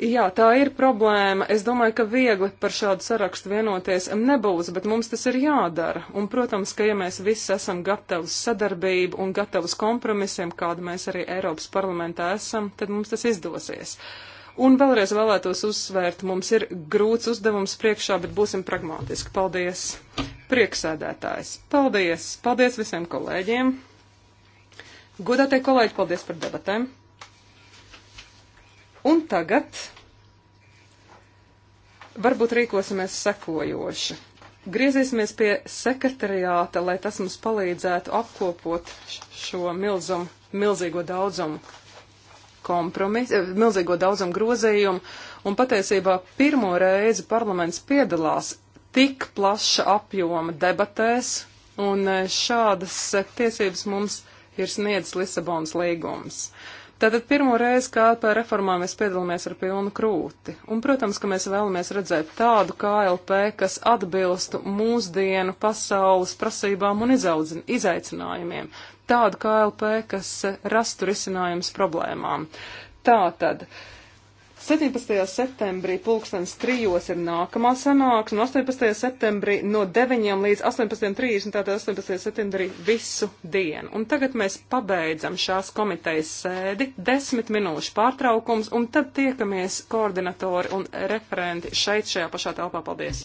Jā, tā ir problēma. Es domāju, ka viegli par šādu sarakstu vienoties nebūs, bet mums tas ir jādara. Un, protams, ka ja mēs visi esam gatavi sadarbību un gatavi kompromisiem, kāda mēs arī Eiropas parlamentā esam, tad mums tas izdosies. Un vēlreiz vēlētos uzsvērt, mums ir grūts uzdevums priekšā, bet būsim pragmatiski. Paldies, prieksēdētājs. Paldies, paldies visiem kolēģiem. Godātie kolēģi, paldies par debatēm. Un tagad varbūt rīkosimies sekojoši. Griezīsimies pie sekretariāta, lai tas mums palīdzētu apkopot šo milzumu, milzīgo daudzumu kompromisu, eh, milzīgo daudzumu grozējumu, un patiesībā pirmo reizi parlaments piedalās tik plaša apjoma debatēs, un eh, šādas eh, tiesības mums ir sniedzis Lisabonas līgums. Uh, Tātad pirmo reizi KLP reformā mēs piedalāmies ar pilnu krūti. Un, protams, ka mēs vēlamies redzēt tādu KLP, kas atbilstu mūsdienu pasaules prasībām un izaudzin, izaicinājumiem. Tādu KLP, kas rastu risinājums problēmām. Tātad. Uh, 17. septembrī pulkstens trijos ir nākamā sanāksme, un 18. septembrī no 9 līdz 18.30, tātad 18. septembrī visu dienu. Un tagad mēs pabeidzam šās komitejas sēdi, 10 minūšu pārtraukums, un tad tiekamies koordinatori un referenti šeit šajā pašā telpā. Paldies!